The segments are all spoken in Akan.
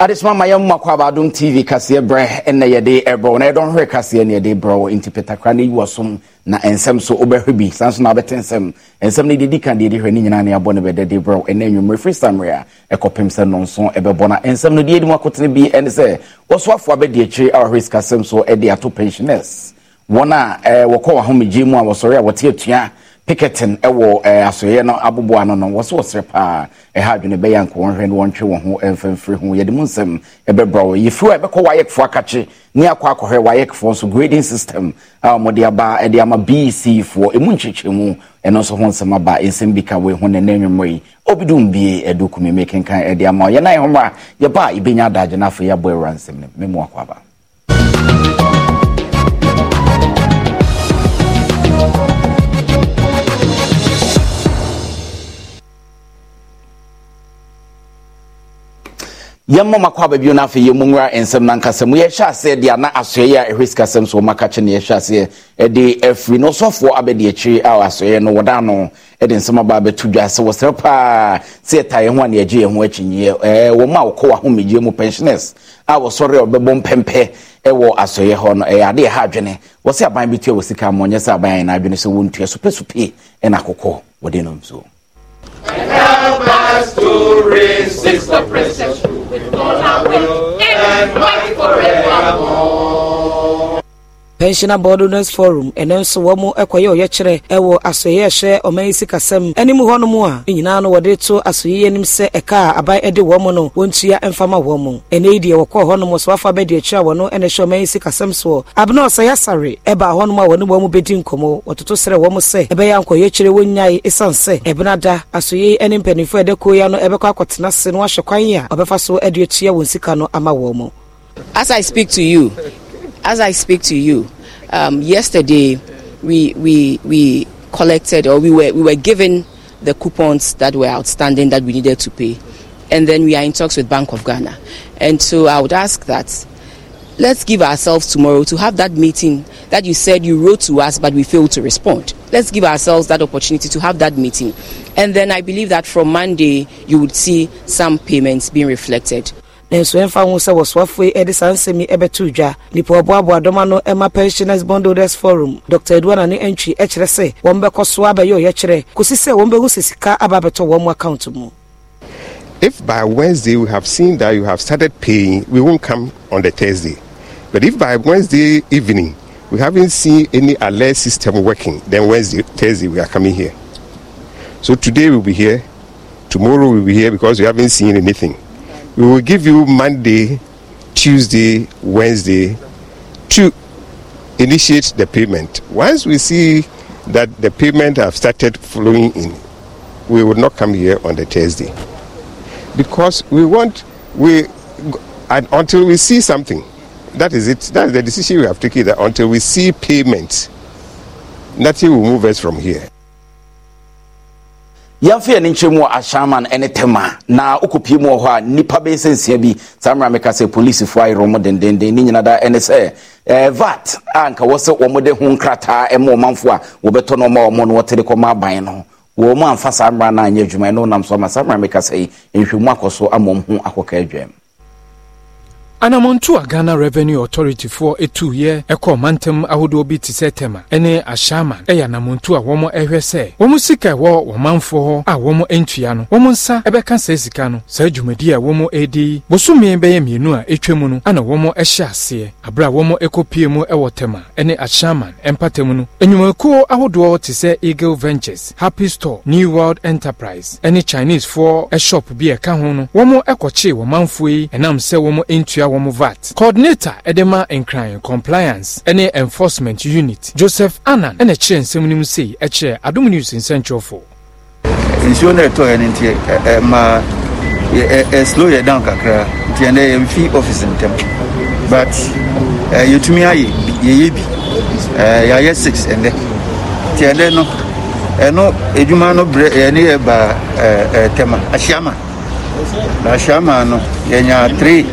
adesoma ma yɛn mu akɔ abadom tv kaseɛ brɛ ɛna yɛde ɛbrɛw na yɛdɔn hwɛ kaseɛ na yɛde brɛw nti petakora ne yiwa som na nsɛm so wobɛhwɛ bi san so na wobɛte nsɛm nsɛm no dedi ka deɛ de hwɛ ne nyinaa ne abɔ no bɛdɛ de brɛw ɛna anwummerɛ firi sameɛ a ɛkɔpem sɛ no nso ɛbɛbɔ na nsɛm no deɛ mu akotene bi ɛne sɛ wɔsoafoɔ abɛdi akyiri a wɔhwɛ so ɛde ato pensioners wɔn a wɔkɔ wɔ ahomegye mu a wɔsɔre a wɔte atua picketing ɛwɔ eh, ɛɛ eh, asoyɛ no abobo ano no wɔso wɔsrɛ paa ɛha eh, adwene bɛyɛ nko wɔn hwɛ no wɔn twe wɔn ho mfimfiri ho yɛde mu nsɛm ɛbɛbra wɔ yɛfiri a ɛbɛkɔ wayɛkfoɔ akakye ne akɔ akɔhwɛ wayɛkfoɔ nso grading system a wɔde aba ɛde ama bc foɔ emu nkyekyɛmu ɛno nso ho nsɛm aba nsɛm bi ka wei ho ne ne nwom yi obi dum bie ɛdo kumi mi ɛde ama yɛn nan ho a yɛba a adagye n'afɔ yɛabɔ ɛwura nsɛm ne mɛmu akɔ aba. yɛmmɔ makɔ aba bio no afei yɛmu nwura nsɛm no ankasa mu yɛhyɛ aseɛ deɛ na asoɛ yɛ a ɛhwɛ sikasɛm so ɔmaka kye ne yɛhyɛ aseɛ de afiri na ɔsɔfoɔ abɛde akyiri a asoɛ no wɔda no de nsɛm aba abɛto dwa sɛ wɔsrɛ paa sɛ yɛta yɛn ho a ne yɛgye yɛn ho akyinyeɛ e, wɔn a wɔkɔ wahomegyeɛ mu pensioners a wɔsɔre a wɔbɛbɔ mpɛmpɛ ɛwɔ asɔyɛ hɔ no ɛyɛ e, adeɛ ha adwene wɔsɛ aban bi tua wɔ sika mmɔ nyɛ sɛ aban yɛn adwene sɛ wɔntua sopesope ɛna e akokɔ wɔde nom so And help us to resist the oppressors with all our will and fight forevermore. pensioner board owners forum ɛno nso wɔn kɔyɛ ɔyɛkyerɛ ɛwɔ asɔyɛ ɛhyɛ ɔman yi sikasɛm anim hɔ nom a ne nyinaa no wɔde to asɔyɛ anim sɛ ɛka a aban de wɔn no wɔntua mfama wɔn mu ɛnɛ yi deɛ wɔkɔɔ hɔ nom so afa bɛdi akyi a wɔn ɛna ɛhyɛ ɔman yi sikasɛm soɔ abena ɔsɛyɛ asare ɛbaa hɔ nom a wɔne wɔn bɛdi nkɔmɔ wɔtoto srɛ wɔn sɛ ɛbɛyɛ nkɔyɛkyerɛ wɔnyae ɛsan sɛ ɛbena da asɔyɛ yi ne mpanimfoɔ ɛdɛ koya no ɛbɛkɔ akɔtena ase no ahyɛ kwan a ɔbɛfa so de atua wɔn sika no ama wɔn as i speak to you as I speak to you, um, yesterday we, we, we collected or we were, we were given the coupons that were outstanding that we needed to pay. And then we are in talks with Bank of Ghana. And so I would ask that let's give ourselves tomorrow to have that meeting that you said you wrote to us but we failed to respond. Let's give ourselves that opportunity to have that meeting. And then I believe that from Monday you would see some payments being reflected ho sɛ saa nsɛm yi dwa ɔboaboa pensioners forum dr ne sɛ wɔn bɛkɔ so abɛyɛ ɔyɛkyerɛ sɛ wɔn bɛhu sɛ sika aba wɔn mu account mu if by wednesday we have seen that you have started paying we won't come on the thursday but if by wednesday evening we haven't seen any alert system working then wednesday thursday we are coming here so today we'll be here tomorrow we'll be here because we haven't seen anything we will give you Monday, Tuesday, Wednesday to initiate the payment. Once we see that the payment have started flowing in, we will not come here on the Thursday because we want we and until we see something. That is it. That is the decision we have taken. That until we see payment, nothing will move us from here. yɛmfa yɛne nkyerɛ mu wɔ ahyaman ne tema na wokɔpie mu wɔ hɔ a nnipa bɛyɛ bi saa mmera meka sɛ polisifoɔ ayerɛ mu dendenden ne nyina da ɛne sɛ eh, vat a nka wɔ sɛ wɔmde ho nkrataa ma ɔmanfoɔ a wɔbɛtɔ no ɔma ɔmo no wɔtede kɔma aban no wɔ mu amfa saa mmera no anyɛ adwuma ɛne wonam so ama saa mmera meka sɛ nhwɛmu akɔ so ama ho akɔka adwam anamontu a ghana revenue authority foɔ etuiɛ ɛkɔ mantam ahodoɔ bi te sɛ tɛma ɛne ahyaman ɛyɛ anamontu a wɔn ɛhwɛ sɛ wɔn sika ɛwɔ wɔn manfoɔ hɔ a wɔn ntua no wɔn nsa ɛbɛka sɛ sika no saa dwumadi a wɔn edi bosome bɛyɛ mmienu a etwa mu no ana wɔn ɛhyɛ aseɛ abere a wɔn ɛkɔpie mu ɛwɔ tɛma ɛne ahyaman ɛmpatam no enyimekuo ahodoɔ te sɛ eagle ventures happy store new world enterprise ɛne chinese foɔ ɛshop bi ɛka ho no wɔn ɛkɔkye wɔn manfoɔ yi ɛnam sɛ wɔn ntua wɔn vat coordinator Edema ma nkran compliance ɛne enforcement unit joseph annan ɛna kyerɛ nsɛm no mu sei ɛkyerɛ adum news nsɛnkyerɛfo. nsuo no ɛtɔ yɛ no nti ɛma ɛslow yɛ down kakra nti ɛnɛ yɛmfi office ntɛm but yɛtumi ayɛ yɛyɛ bi yɛayɛ six ɛnɛ nti ɛnɛ no ɛno edwuma no brɛ ɛne yɛ ba ɛɛ tɛma ahyiama na ahyiama no yɛnya three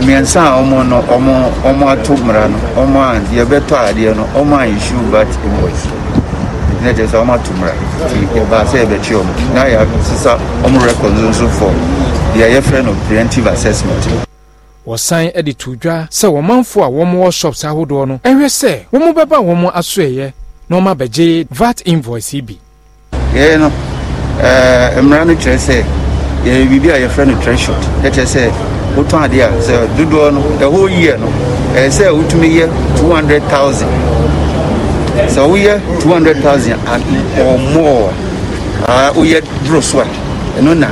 mmiɛnsa a ɔmo no ɔmo ɔmo ato mmara no ɔmo a yɛbɛtɔ adeɛ no ɔmo a bat invoice ne kyerɛ sɛ ɔmo ato mmara nti yɛbaa sɛ ɔmo na yɛasesa ɔmo record nso fɔ deɛ yɛfrɛ no preventive assessment wɔsan de to dwa sɛ wɔmanfoɔ a wɔmwɔ shops ahodoɔ no ɛhwɛ sɛ wɔn bɛba wɔn asoɛyɛ na wɔn abɛgye vat invoice bi. yɛyɛ no ɛɛ mmara kyerɛ sɛ yɛyɛ biribi a yɛfrɛ no ɛkyɛ sɛ wotɔn adeɛ a sɛ dodoɔ no ɛhɔ yie no ɛyɛ sɛ wotumi yɛ two hundred thousand sɛ woyɛ two hundred thousand or more a woyɛ duro so a ɛno na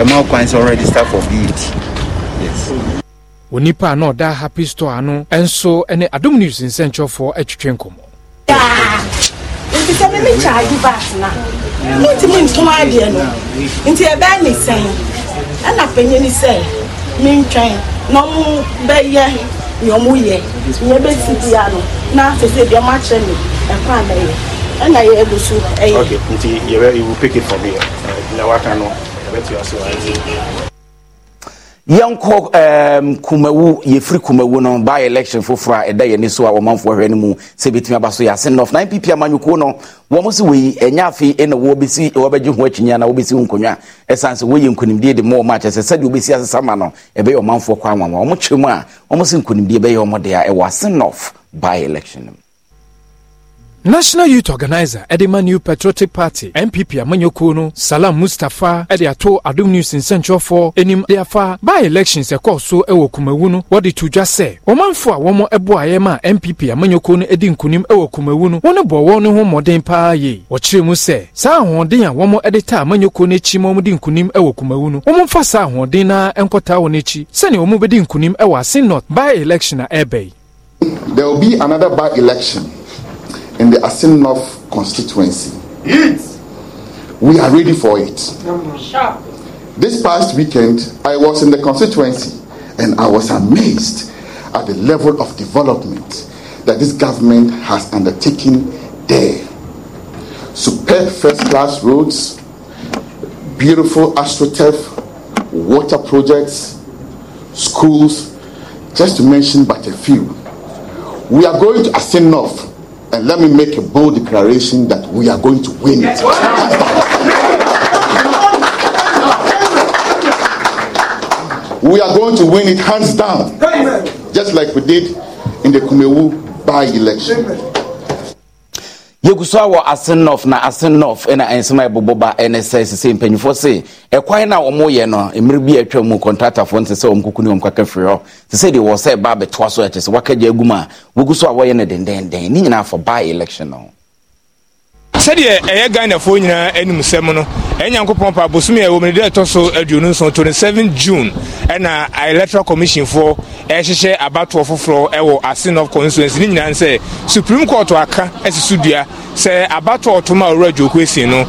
ɛma kwan sɛ ɔregister for vet yes onipa a na ɔda happy store ano nso ne adom news nsɛnkyɛfoɔ atwitwe nkɔmmɔ nti sɛ meme kyaa du baatena mentimi ntom adeɛ no nti ɛbɛɛ ne sɛn ɛna panyini sɛ me ntwɛn na ɔmo bɛyɛ nea ɔmo yɛ nea ebesi bia no na sese deɛ ɔmo akyerɛ mi ɛkɔ abɛyɛ ɛna yɛ egu so ɛyɛ. okay nti yɛ bɛ you pick it from here na waka no yɛ ti ase wa yɛnkɔ um, kumawu yɛfiri kumawu no by election foforɔ a ɛda yɛni so a ɔmanfoɔ hwɛ no mu sɛ bɛtumi aba so yɛase nɔf na npp amanyɔkuo no wɔn so wei ɛnyɛ afei ɛna wɔbɛsi wɔbɛgye ho akyinyia na wɔbɛsi ho nkonnwa ɛsan sɛ wɔyɛ nkonimdie de ma wɔn akyɛ sɛ sɛdeɛ wɔbɛsi asesa ma no ɛbɛyɛ ɔmanfoɔ kɔ anwanwa wɔn kyerɛ mu a wɔn so nkonimdie bɛyɛ wɔn de a ɛwɔ ase nɔf by election no mu national youth organizer ɛde ma new patriotic party npp amanyɔkuo no salam mustapha ɛde ato adom news nsɛnkyerɛfoɔ anim de afa by elections ɛkɔɔ so ɛwɔ kumawu no wɔde to dwa sɛ ɔmanfo a wɔn ɛboaeɛ ma npp amanyɔkuo no adi nkonim ɛwɔ kumawu no wɔn bɔ wɔn no ho mmɔden paa yie wɔkyerɛ mu sɛ saa ahoɔden a wɔn ɛde taa amanyɔkuo no akyi ma wɔn di nkonim ɛwɔ kumawu no wɔn mfa saa ahoɔden na nkɔtaa wɔn akyi sɛnea wɔn bɛdi election a ɛɛbɛn. there will be another by election. in the Asin North constituency. Yes. We are ready for it. This past weekend, I was in the constituency and I was amazed at the level of development that this government has undertaken there. Superb first class roads, beautiful astroturf, water projects, schools, just to mention but a few. We are going to Asin North and let me make a bold declaration that we are going to win it. we are going to win it hands down. Just like we did in the Kumewu by election. yɛgu so a wɔ asenɔf na asenof ɛna ɛnsɛm a ɛbobɔ ba ɛne sɛ sesɛ mpanyinfoɔ se ɛkwan no a wɔmoyɛ no mmerɛ bi atwa mu kɔntratafoɔ nte sɛ ɔmkuku ne ɔmkaka firi hɔ te sɛ deɛ wɔ sɛ ɛba bɛtoa so ɛkyɛ sɛ wakagya agu mu a wɔgu so a wɔyɛ no dendenden ne nyinaa fa ba election no sɛdeɛ ɛyɛ ghanafoɔ nyinaa anim sɛm no ɛyɛ nyankopɔn pa bosomi a ɛwɔ mu ne deɛ ɛtɔ so aduonu nson 27 june ɛna electoral commissionfoɔ ɛrehyehyɛ abatoɔ foforɔ ɛwɔ ase north constituency ne nyinaa sɛ supreme court aka asi so dua sɛ abatoɔ ɔtom a ɔwura dwoko esi no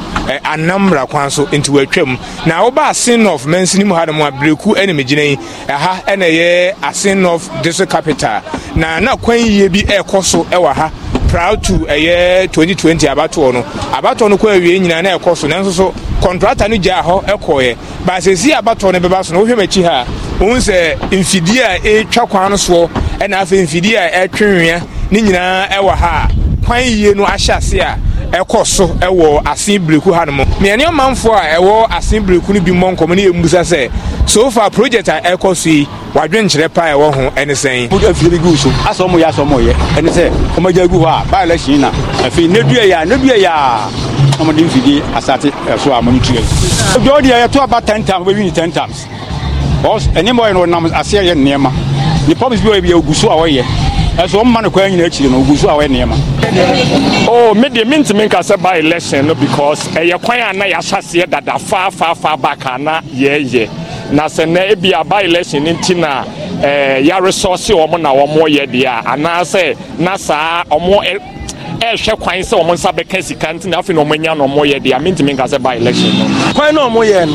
anambra kwan so nti wɔatwam na woba ase north mɛnsi ne mu ha no mu a bereku ɛna megyina yi ɛha ɛna ɛyɛ ase north district capital na na kwan yie bi ɛrekɔ so ɛwɔ ha proud to ɛyɛ eh, 2020 abatoɔ no abatoɔ no kɔ awie nyinaa na ɛkɔ so nanso so kɔntrata no gyaa hɔ ɛkɔɔyɛ baasɛsi abatoɔ no bɛba so no wohwɛ m'akyi ha wohu sɛ mfidie a ɛtwa kwan no soɔ ɛna afei mfidie a ɛtwe nwea ne nyinaa ɛwɔ ha kwan yie no ahyɛ ase a ɛkɔ so ɛwɔ asen bereku ha nom nea nneɛmanfoɔ a ɛwɔ asen bereku no bi mmɔ nkɔmɔ ne yɛmmusa sɛ so far project a ɛkɔ so yi wadwenkyerɛ pa ɛwɔ ho ɛne sɛn. mo afie bi gu so asɔ mo yɛ asɔ mo yɛ ɛne sɛ ɔmo agya gu hɔ a ba na afei ne a ne a ɔmo de asate ɛso a mo yi. obi ɔdi yɛ to aba ten times ɔbɛwi ni ten times ɛnneɛma ɔyɛ no ɔnam aseɛ yɛ nneɛma ne promise bi ɔyɛ bi yɛ so a ɔyɛ ɛso ɔmma no kwan nyina akyiri no ɔgu so a wɔyɛ nneɛma o oh, medeɛ mentumi nka sɛ ba election no because ɛyɛ kwan a na yɛahyɛseɛ dada faafaafa back a na yɛɛyɛ na sɛ nɛ ebi aba election no nti na eh, yaresɔse wɔn na wɔyɛ deɛ anaasɛ na saa wɔn ɛɛhwɛ kwan sɛ wɔn nsa bɛka sika nti na afei na wɔn anya na wɔyɛ deɛ mentumi nka sɛ ba election no kwan na wɔyɛ no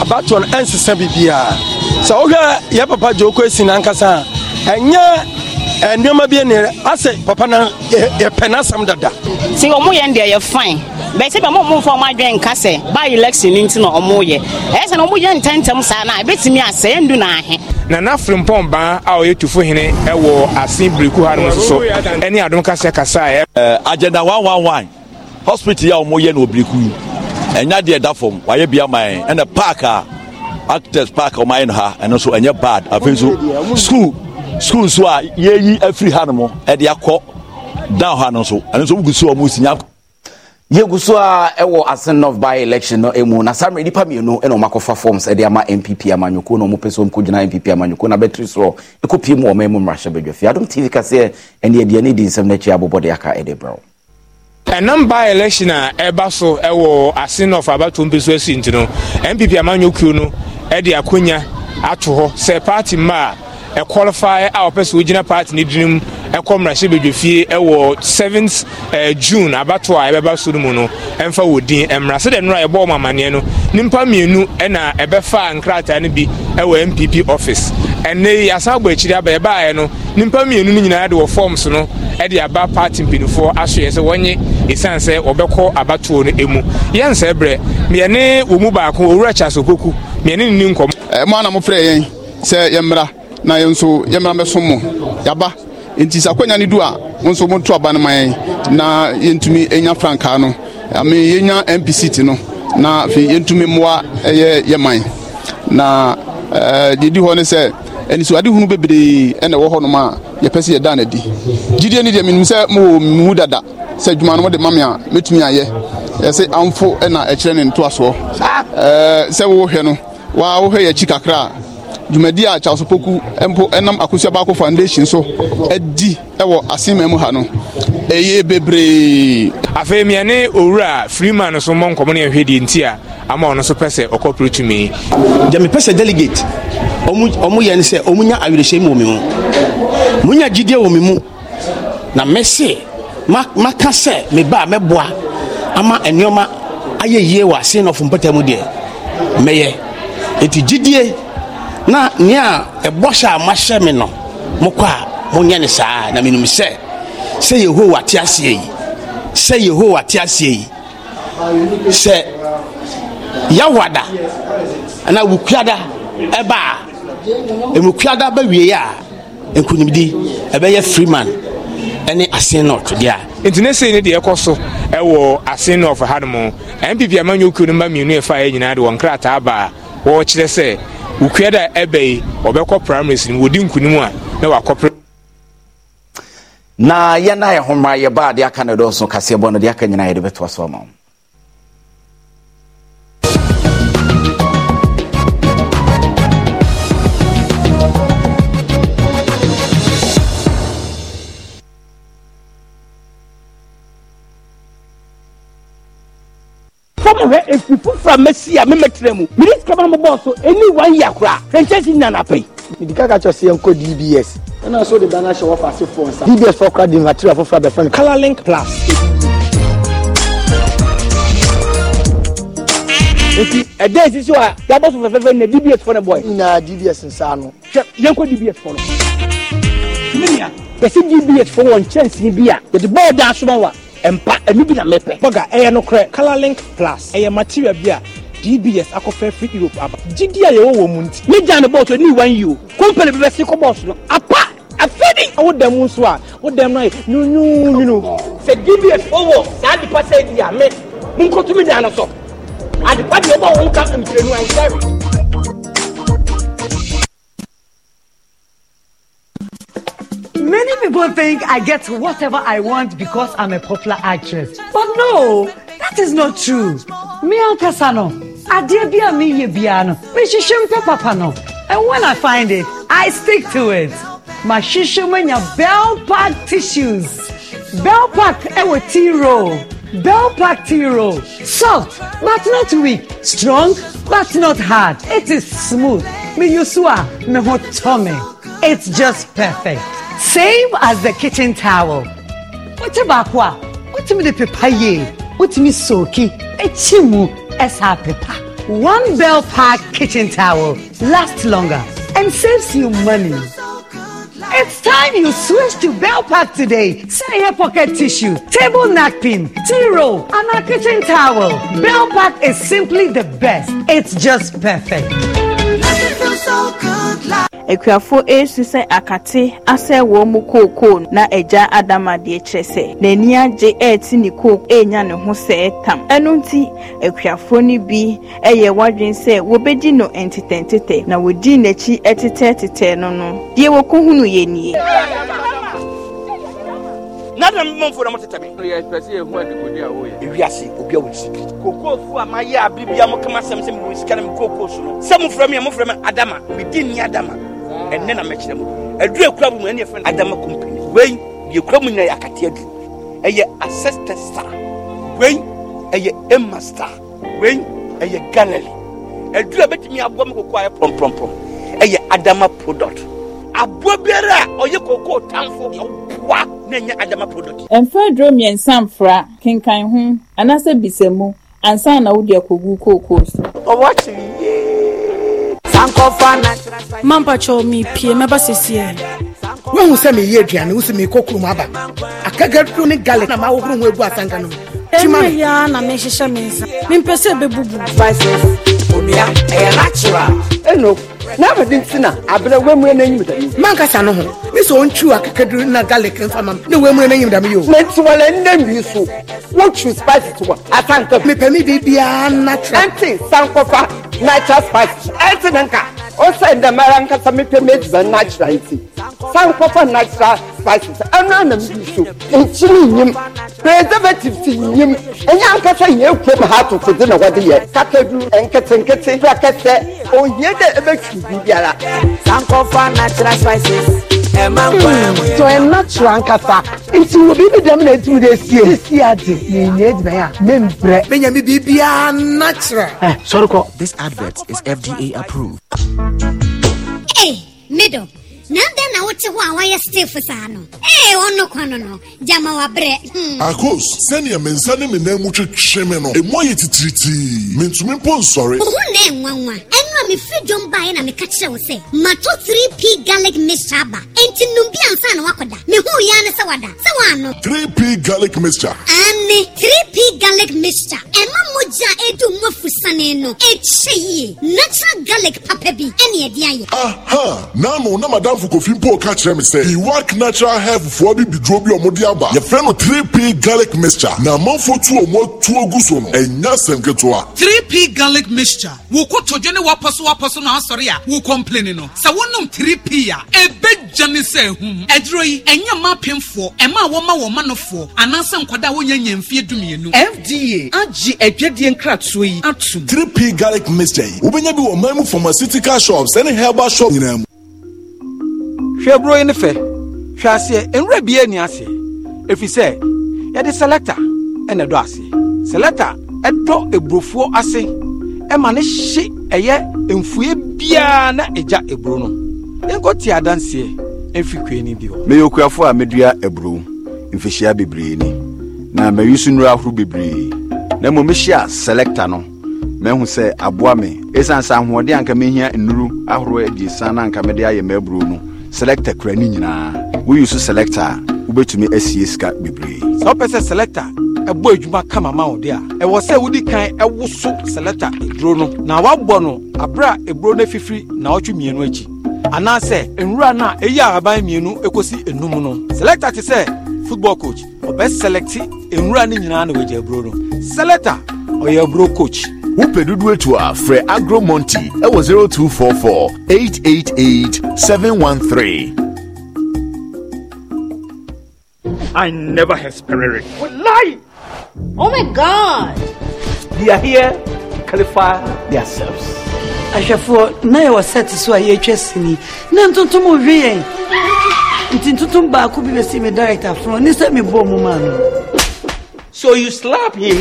abatoɔ no ɛnsesa biribiara sɛ wohwɛ yɛ papa gye okɔ esi n'ankasa a ɛnyɛ Eh, nneɛma bi ne asɛ papa na yɛpɛ n'asɛm dada nti ɔmo yɛ no yɛ fine bɛsi bɛ mo mo nfa ɔmo adwene nka sɛ ba election ni nti na ɔmo yɛ ɛyɛ sɛ na ɔmo yɛ ntɛntɛm saa na ebetumi asɛ yɛn du n'ahe. nana firimpɔn ban a ɔyɛ tufo hene ɛwɔ asen biriku ha no soso ɛne adom kaseɛ kasa a ɛɛ eh, agenda one one one hospital yi a ɔmo yɛ no obiriku yi ɛnya deɛ da fam wayɛ bi ama yɛn ɛna park a actors park a ɔmo ayɛ no ha ɛno nso ɛnyɛ bad afei nso school. school nso a yɛyi afiri hanom ɛde akɔ down ha no nso ɛno nso wogu so a ɔmo sinya yɛgu so a ɛwɔ asen north by election no eh, mu na saa mmerɛ nnipa mmienu ɛna ɔmakɔfa forms ɛde ama mpp amanyɔkuo na ɔmopɛ sɛ ɔmkɔgyina mpp amanyɔkuo na bɛtiri sorɔ ɛkɔpie mu ɔma mu mmarahyɛ badwafi adom tv kaseɛ ɛne adeɛ ne di nsɛm no akyi abobɔ de aka ɛde brɛ ɛnam by election a ɛba so ɛwɔ asen north abatoɔ mpɛ so asi nti no mpp no ɛde ato hɔ sɛ party ɛkɔlfae a ɔpɛ sɛ ogyina party ne dinim ɛkɔ mmarahyɛbadwafie ɛwɔ 7th june abato a ɛbɛba so no mu no ɛmfa wɔ din mmara sɛdɛ nnora yɛbɔɔ mu amanneɛ no nnipa mmienu ɛna ɛbɛfaa nkrataa no bi ɛwɔ mpp office ɛnɛ yi asan abɔ akyiri aba yɛbaeɛ no nnipa mmienu no nyinaa de wɔ forms no ɛde aba party mpanimfoɔ asoɛ sɛ wɔnye ɛsiane sɛ wɔbɛkɔ abatoɔ no ɛmu yɛnsɛ berɛ mmiɛne wɔ mu baako ni nkɔmmɔ mo ana mofrɛ yɛn sɛ yɛmmra na yɛn nso yɛmmra mɛsom mo yɛaba nti sɛ akwanya no du a mo nso monto aba no ma yɛn na yɛntumi ɛnya frankaa no ame yɛnya mpct no na afei yɛntumi mmoa ɛyɛ yɛ na eh, deɛdi hɔ ne sɛ anisoadehunu bebree ɛna ɛwɔ hɔnom a yɛpɛ sɛ yɛda no adi gyidie ni deɛ menim sɛ mowɔ mu dada sɛ adwuma no mode ma me a mɛtumi ayɛ yɛsɛ amfo ɛna ɛkyerɛ ne ntoasoɔ eh, sɛ wohwɛ no waa wohwɛ yɛakyi kakra a dwumadi a charles poku mpo nam akosua baako foundation so di wɔ asenma mu ha no ɛyɛ bebree afei mmiɛne owura freeman so mmɔ nkɔmmɔ ne ɛhwɛ nti a ama ɔno so pɛ sɛ ɔkɔpere tumi deɛ mepɛ sɛ delegate ɔmo yɛ ne sɛ ɔmo nya awerɛhyɛm wɔ me mu monya gyidie wɔ me mu na mɛse maka sɛ meba a mɛboa ama nneɔma ayɛ yie wɔ asenɔfo mpɛtɛ mu deɛ mɛyɛ ɛti gyidie na nea ɛbɔ hyɛ a mahyɛ me no mokɔ a monyɛ ne saa na menim sɛ sɛ yehowa te aseɛ yi sɛ yehowa te aseɛ yi sɛ yawada anaa wukuada ɛba a emukuada ba wie a nkunimdi ɛbɛyɛ freeman ɛne asen nɔt deɛ nti ne sei deɛ ɛkɔ so ɛwɔ asen nɔf hanom npp amanyɔkuo no mma mmienu ɛfa yɛ nyinaa de wɔn krataa ba a wɔrekyerɛ sɛ ukua da ɛbɛ yi ɔbɛkɔ primaries ni wodi nkunim a na wakɔ pri. na yɛn na yɛ ho mmaa yɛ baa de aka na dɔɔso kaseɛ bɔ no de aka nyinaa yɛde bɛtoa so ama wɔn. kura mɛsi a mɛmɛ tirɛ mu miniti kura bana bɔ so ɛni wan yɛ kura franchise nana pɛ. midika ka kyɛ sɛ yɛnkɔ dbs ɛna so de da no ahyɛ wɔfa ase foɔ nsa dbs fɔ kora de material foforɔ abɛfrɛ no color link plus nti ɛda esi so a yɛabɔ so fɛfɛɛfɛ na dbs fɔ ne bɔɛ nyinaa dbs nsaa no hwɛ yɛnkɔ dbs fɔ no menia yɛsɛ dbs fɔ wɔ nkyɛnsee bi a yɛde bɔɔ daa soma wa mpa ɛnu bi na mɛpɛ. bɔga ɛyɛ nokorɛ colour link plus ɛyɛ material bi a dbs akɔfɛ free europe aba gidi a yɛwɔ wɔ mu nti. ne gya ne bɔɔso ni wan yi o kɔmpani bɛbɛ si kɔ bɔɔso no apa afɛdi. awo dɛm mu nso a wo dɛm na yɛ nyunyunyunu. sɛ dbs owó saa adipa sɛ edi a mɛ nkotumi dan no so adipa deɛ ɔbɔ wɔn ka mpirenu ayi sɛri. Many people think I get whatever I want because I'm a popular actress. But no, that is not true. Me ankasa no, adeɛ bi a meyɛ biara papa no. And when I find it, I stick to it. Mahyehyɛ mu nya Bellpack tissues. Bellpack ɛwɔ eh, tea roll. Bellpack tea roll. Soft but not weak. Strong but not hard. It is smooth. Me use me ho It's just perfect same as the kitchen towel wote baako a wotumi de pepa yie wotumi sooki ekyi mu ɛsa pepa one bell Park kitchen towel lasts longer and saves you money. It's time you switch to Bell Park today. Say your pocket tissue, table napkin, tea roll, and a kitchen towel. Bell Park is simply the best. It's just perfect. akuafo ɛresu sɛ akate asɛe wɔn mu kookoo na agya adamadeɛ kyerɛ sɛ n'ani agye ɛrete ne kook ɛrenya ne ho sɛɛ tam ɛno nti akuafoɔ no bi ɛyɛ wadwen sɛ wɔbɛdi no ntetɛntetɛ na wɔdi n'akyi ɛtetɛtetɛ no no deɛ wɔkɔhunu yɛ nie nada mi mɔmfo na mo tete mi. yɛ ɛsipɛsi yɛ hu adigodi a o yɛ. ewiase obi a o ti. kokoo a ma yɛ a bibi a mo kama sɛm sɛ mo wɔ sika na mo kokoo so no sɛ mo fura mi a mo fura mi adama mi di ni adama. ɛnɛ na mɛkyerɛ mu aduru ekura mu ɛni yɛfɛ adama company wei deɛ ekura mu nyinaa yɛ akate adu ɛyɛ ancestor star wei ɛyɛ emma star wei ɛyɛ galilei aduru a bɛtumi aboa mu koko ayɛ pɔmpɔmpɔm ɛyɛ adama product aboa biara a ɔyɛ koko tanfo ɔboa na ɛnyɛ adama product. mfra duro mmiɛnsa mfra kenkan ho anaasɛ bisamu ansa na wodi akɔgu kookoo so. ɔwɔ akyere yie. mampatwɛ me pie mɛba sesie wohu sɛ meyɛ aduane wo sɛ meekɔ kurom aba akagadu ne garlic na mawohoro ho agu asanka no ɛmɛyɛa na mehyehyɛ me nsa mempɛ sɛ bɛbubu na abɛde nti na abrɛ wamura no anyim dame mankasa no ho na garlic ma m ne wamura no anyim o na wɔla nnɛ nwi so wotu spices asanka natural sankɔfa natural spice ɛnti ne nka o sɛ ndɛ mara nkasa mepɛ medibɛn natural nti san natural spices ɛno ana mede so nkyini nyim preservatives nyim ɛnyɛ ankasa nyɛ kurom ha atofo de na wɔde yɛ kakadu nketenkete brakɛsɛ ohia dɛ ɛbɛtwi biribiara sankɔfa natural spices tɔ ɛna tura ankasa nti wo biribi dɛm na etumi de esie sisi adi yɛnyɛ edumɛ a mɛ mbrɛ. mɛ nyɛ bibi biara natural. ɛ sɔri kɔ. this advert is fda approved. ee hey, middle na eh, hmm. dɛn na wote hɔ a wɔyɛ stef saa no ee ɔno kwa no no gyama wabrɛ akos sɛnea me nsa ne me nan mu twetwe me no ɛmu ayɛ titiritii mentumi mpo nsɔre ohu na ɛnwanwa ɛno a mefiri dwom baeɛ na meka kyerɛ wo sɛ mato 3p garlic mixture aba enti nom bi ansa na wakɔda mehuu yɛa ne sɛ wada sɛ waano 3p garlic mixture ane three p garlic mixture ɛma mogya a ɛdu mu afusane no ɛkyɛ e yie natural garlic papa bi ɛne ɛde ayɛ aha naano na madam asɔfo kofi mpo ka kyerɛ me sɛ iwak natural health foɔ bi biduro bi ɔmo de aba yɛfrɛ no 3p garlic mixture na amanfoɔ tu ɔmo atuo gu so no ɛnya sɛm ketewa 3p garlic mixture wo kotodwe ne wapɔ so wapɔ so na asɔre a wo kɔmpleni no sɛ wonom 3p a ɛbɛgya ne sɛ ahum ɛduro yi ɛnyɛ ma apemfoɔ ɛma a wɔma wɔn manofoɔ anaasɛ nkwadaa a wɔnya nya mfie dumienu fda agye adwadeɛ nkratoɔ yi atom 3p garlic mixture yi wobɛnya bi wɔ man mu pharmaceutical shops ɛne herbal shop nyinaa mu hwɛ aburo yi ne fɛ hwɛ aseɛ nwura bie ni aseɛ ɛfiri sɛ yɛde selector ɛna ɛdɔ aseɛ selector ɛdɔ eburofoɔ ase ɛma ne hye ɛyɛ mfue biara na ɛgya eburo no nkɔ te adanseɛ ɛmfi kue ni bi hɔ. meyɛ okuafo a medua aburo mfihyia bebree ni na mayi so nnuro ahorow bebree na mmom mehyia selector no mahu sɛ aboa me ɛsiane sɛ ahoɔden anka mehia nnuru ahorow abiesa na anka mede ayɛ m'aburo no selector kura ne nyinaa woyi so selector a wobɛtumi asie sika bebree sɛ wopɛ sɛ selector ɛbɔ adwuma kama ma wo de a ɛwɔ sɛ wodi kan ɛwo selector eduro no na wabɔ no abere a eburo no afifiri na ɔtwe mmienu akyi anaasɛ nwura no a ɛyi ahaban mmienu ɛkɔsi enum no selector te sɛ football coach ɔbɛselɛkte nwura no nyinaa na wagya aburo no selector ɔyɛ aburo coach wopɛ dodoɔ etu a frɛ agro monti ɛwɔ zero two four four eight eight eight seven one three. I never had spirit. We lie. Oh my God. They are here to clarify themselves. ahwɛfoɔ na yɛwɔ sɛte so a yɛatwa sini na to ɔhwe yɛn nti ntontom baako bi bɛsi me the same director from mebɔɔ Me maa man. so you slap him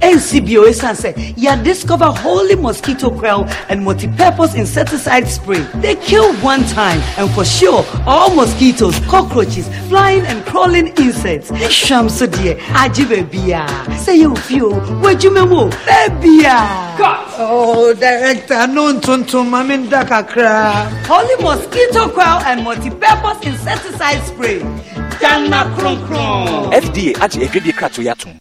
NCBO says you discover holy mosquito coil and multi-purpose insecticide spray. They kill one time and for sure all mosquitoes, cockroaches, flying and crawling insects. Shamsu dear, ajibebia. Say you feel where you memo, bebia. Cut. Oh, director, no tuntum, mamin dakakra. Holy mosquito coil and multi-purpose insecticide spray. Dana kron FDA, aji, kratu yatum.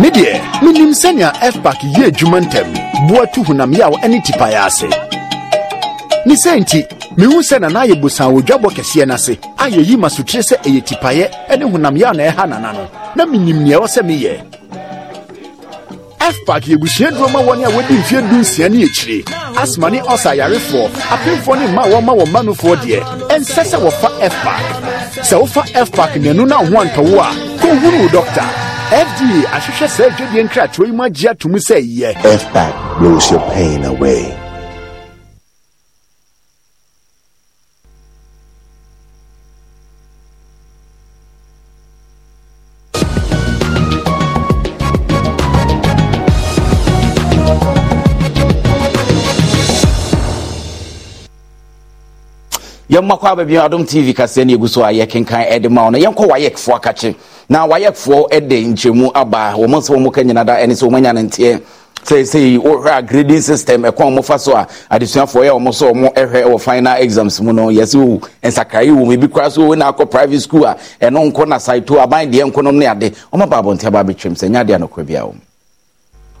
me deɛ menim sɛnea fpak yɛ adwuma ntɛm boa tu honam yaw ne tipaeɛ ase ne sɛ nti mehu sɛ nana ayɛ bosan wɔ dwabɔ kɛseɛ no ase a yɛyi ma sotire sɛ ɛyɛ tipaeɛ ne honam yaw na ɛha nana no na menim nea ɛwɔ sɛ meyɛ fpak yɛbusua duro ma wɔne a wɔdi mfeɛ du nsia ne akyire asma ɔsa ayarefoɔ apemfoɔ ne mma a wɔma wɔn manofoɔ deɛ ɛnsɛ sɛ wɔfa fpak sɛ wofa fpak nanu no ho antɔwo a kɔhunu wo dɔkta FDA ahwehwɛ sɛ dwodie nkratoɔ yi mu agye ato mu sɛ yɛ. FPAC blows your pain away. yɛmmakɔ a baabi adom tv kaseɛ ne ɛgu so a yɛkenkan de ma wo no yɛnkɔ wayɛkfoɔ akakye na wayɛfoɔ ɛde nkyɛmu aba wɔn nso wɔn ka nyina da ɛne sɛ wɔn anya ne nteɛ seesei wohwɛ a grading system ɛkɔn wɔn fa so a adesuafoɔ yɛ wɔn so wɔn ɛhwɛ wɔ final exams mu no yɛsɛ o nsakrae wɔm ebi kora so wɔn akɔ private school a ɛno nkɔ na saito aban deɛ nkɔ nom ne ade wɔn aba abɔnten aba abɛtwam sɛ nyɛ adeɛ anokora bi wɔn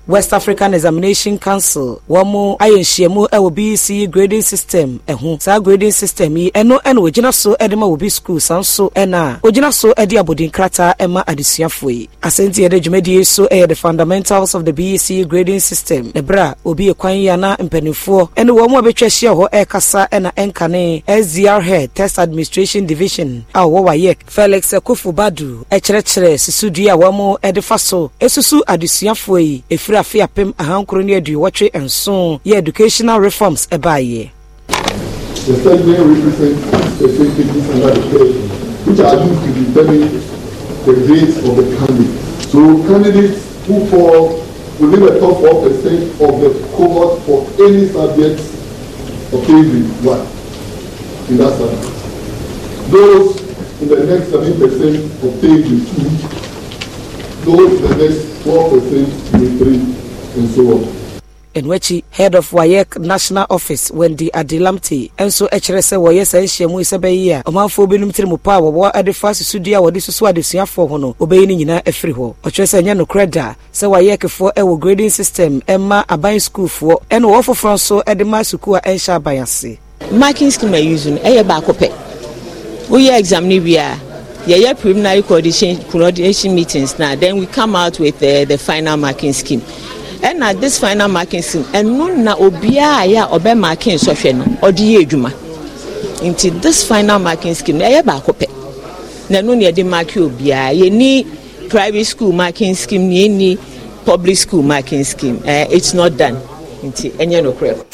west african examination council wɔn mo ayɛ nhyiamu ɛwɔ bce grading system ɛho saa grading system yi ɛno ɛna ogyina so ɛde ma obi school san so ɛna ogyina so ɛde abɔden krataa ɛma adesuafo yi asɛnti yɛde dwumadie so ɛyɛ the fundamentals of the bce grading system ne bra obi yɛ kwan yi ana mpanimfoɔ ɛne wɔn mo a betwa ahyia hɔ ɛrekasa ɛna ɛnkane sdr head test administration division a wɔwɔ wayɛk felix ɛkofo badu ɛkyerɛkyerɛ susudua a wɔn mo ɛde fa so esusu adesuafoɔ yi efiri ɛfiri afe apem ahankoro ne aduwɔtwe nson yɛ educational reforms ɛbaayɛ The survey represents specific misunderstanding which are used to determine the grades of the candidates. So candidates who fall within the top percent of the cohort for any subject obtain grade 1 in that subject. Those in the next percent obtain grade 2 close the next 4% with three, and so on. ɛno akyi head of wayec national office wendy adelamte nso kyerɛ sɛ wɔyɛ saa nhyiamu yi sɛ bɛyi a ɔmanfoɔ binom tiri mu pa a wɔwɔ adefa susudua a wɔde susu adesuafoɔ ho no wɔbɛyi no nyinaa afiri hɔ ɔkyerɛ sɛ ɛnyɛ nokorɛ da sɛ wayecfoɔ wɔ grading system ma aban sukuufoɔ ɛne wɔwɔ foforɔ nso de ma sukuu a ɛnhyɛ aban ase marking scheme a use no ɛyɛ baako pɛ woyɛ exam no wie a yɛyɛ preliminary coordination coordination meetings na then we come out with uh, the final marking scheme ɛna this final marking scheme ɛno na obiara yɛ a ɔbɛ marking sɔhwɛ no ɔde yɛ adwuma nti this final marking scheme ɛyɛ baako pɛ na ɛno na yɛde marking obiara yɛni private school marking scheme yɛni public school marking scheme uh, it's not done nti ɛnyɛ no korɛ.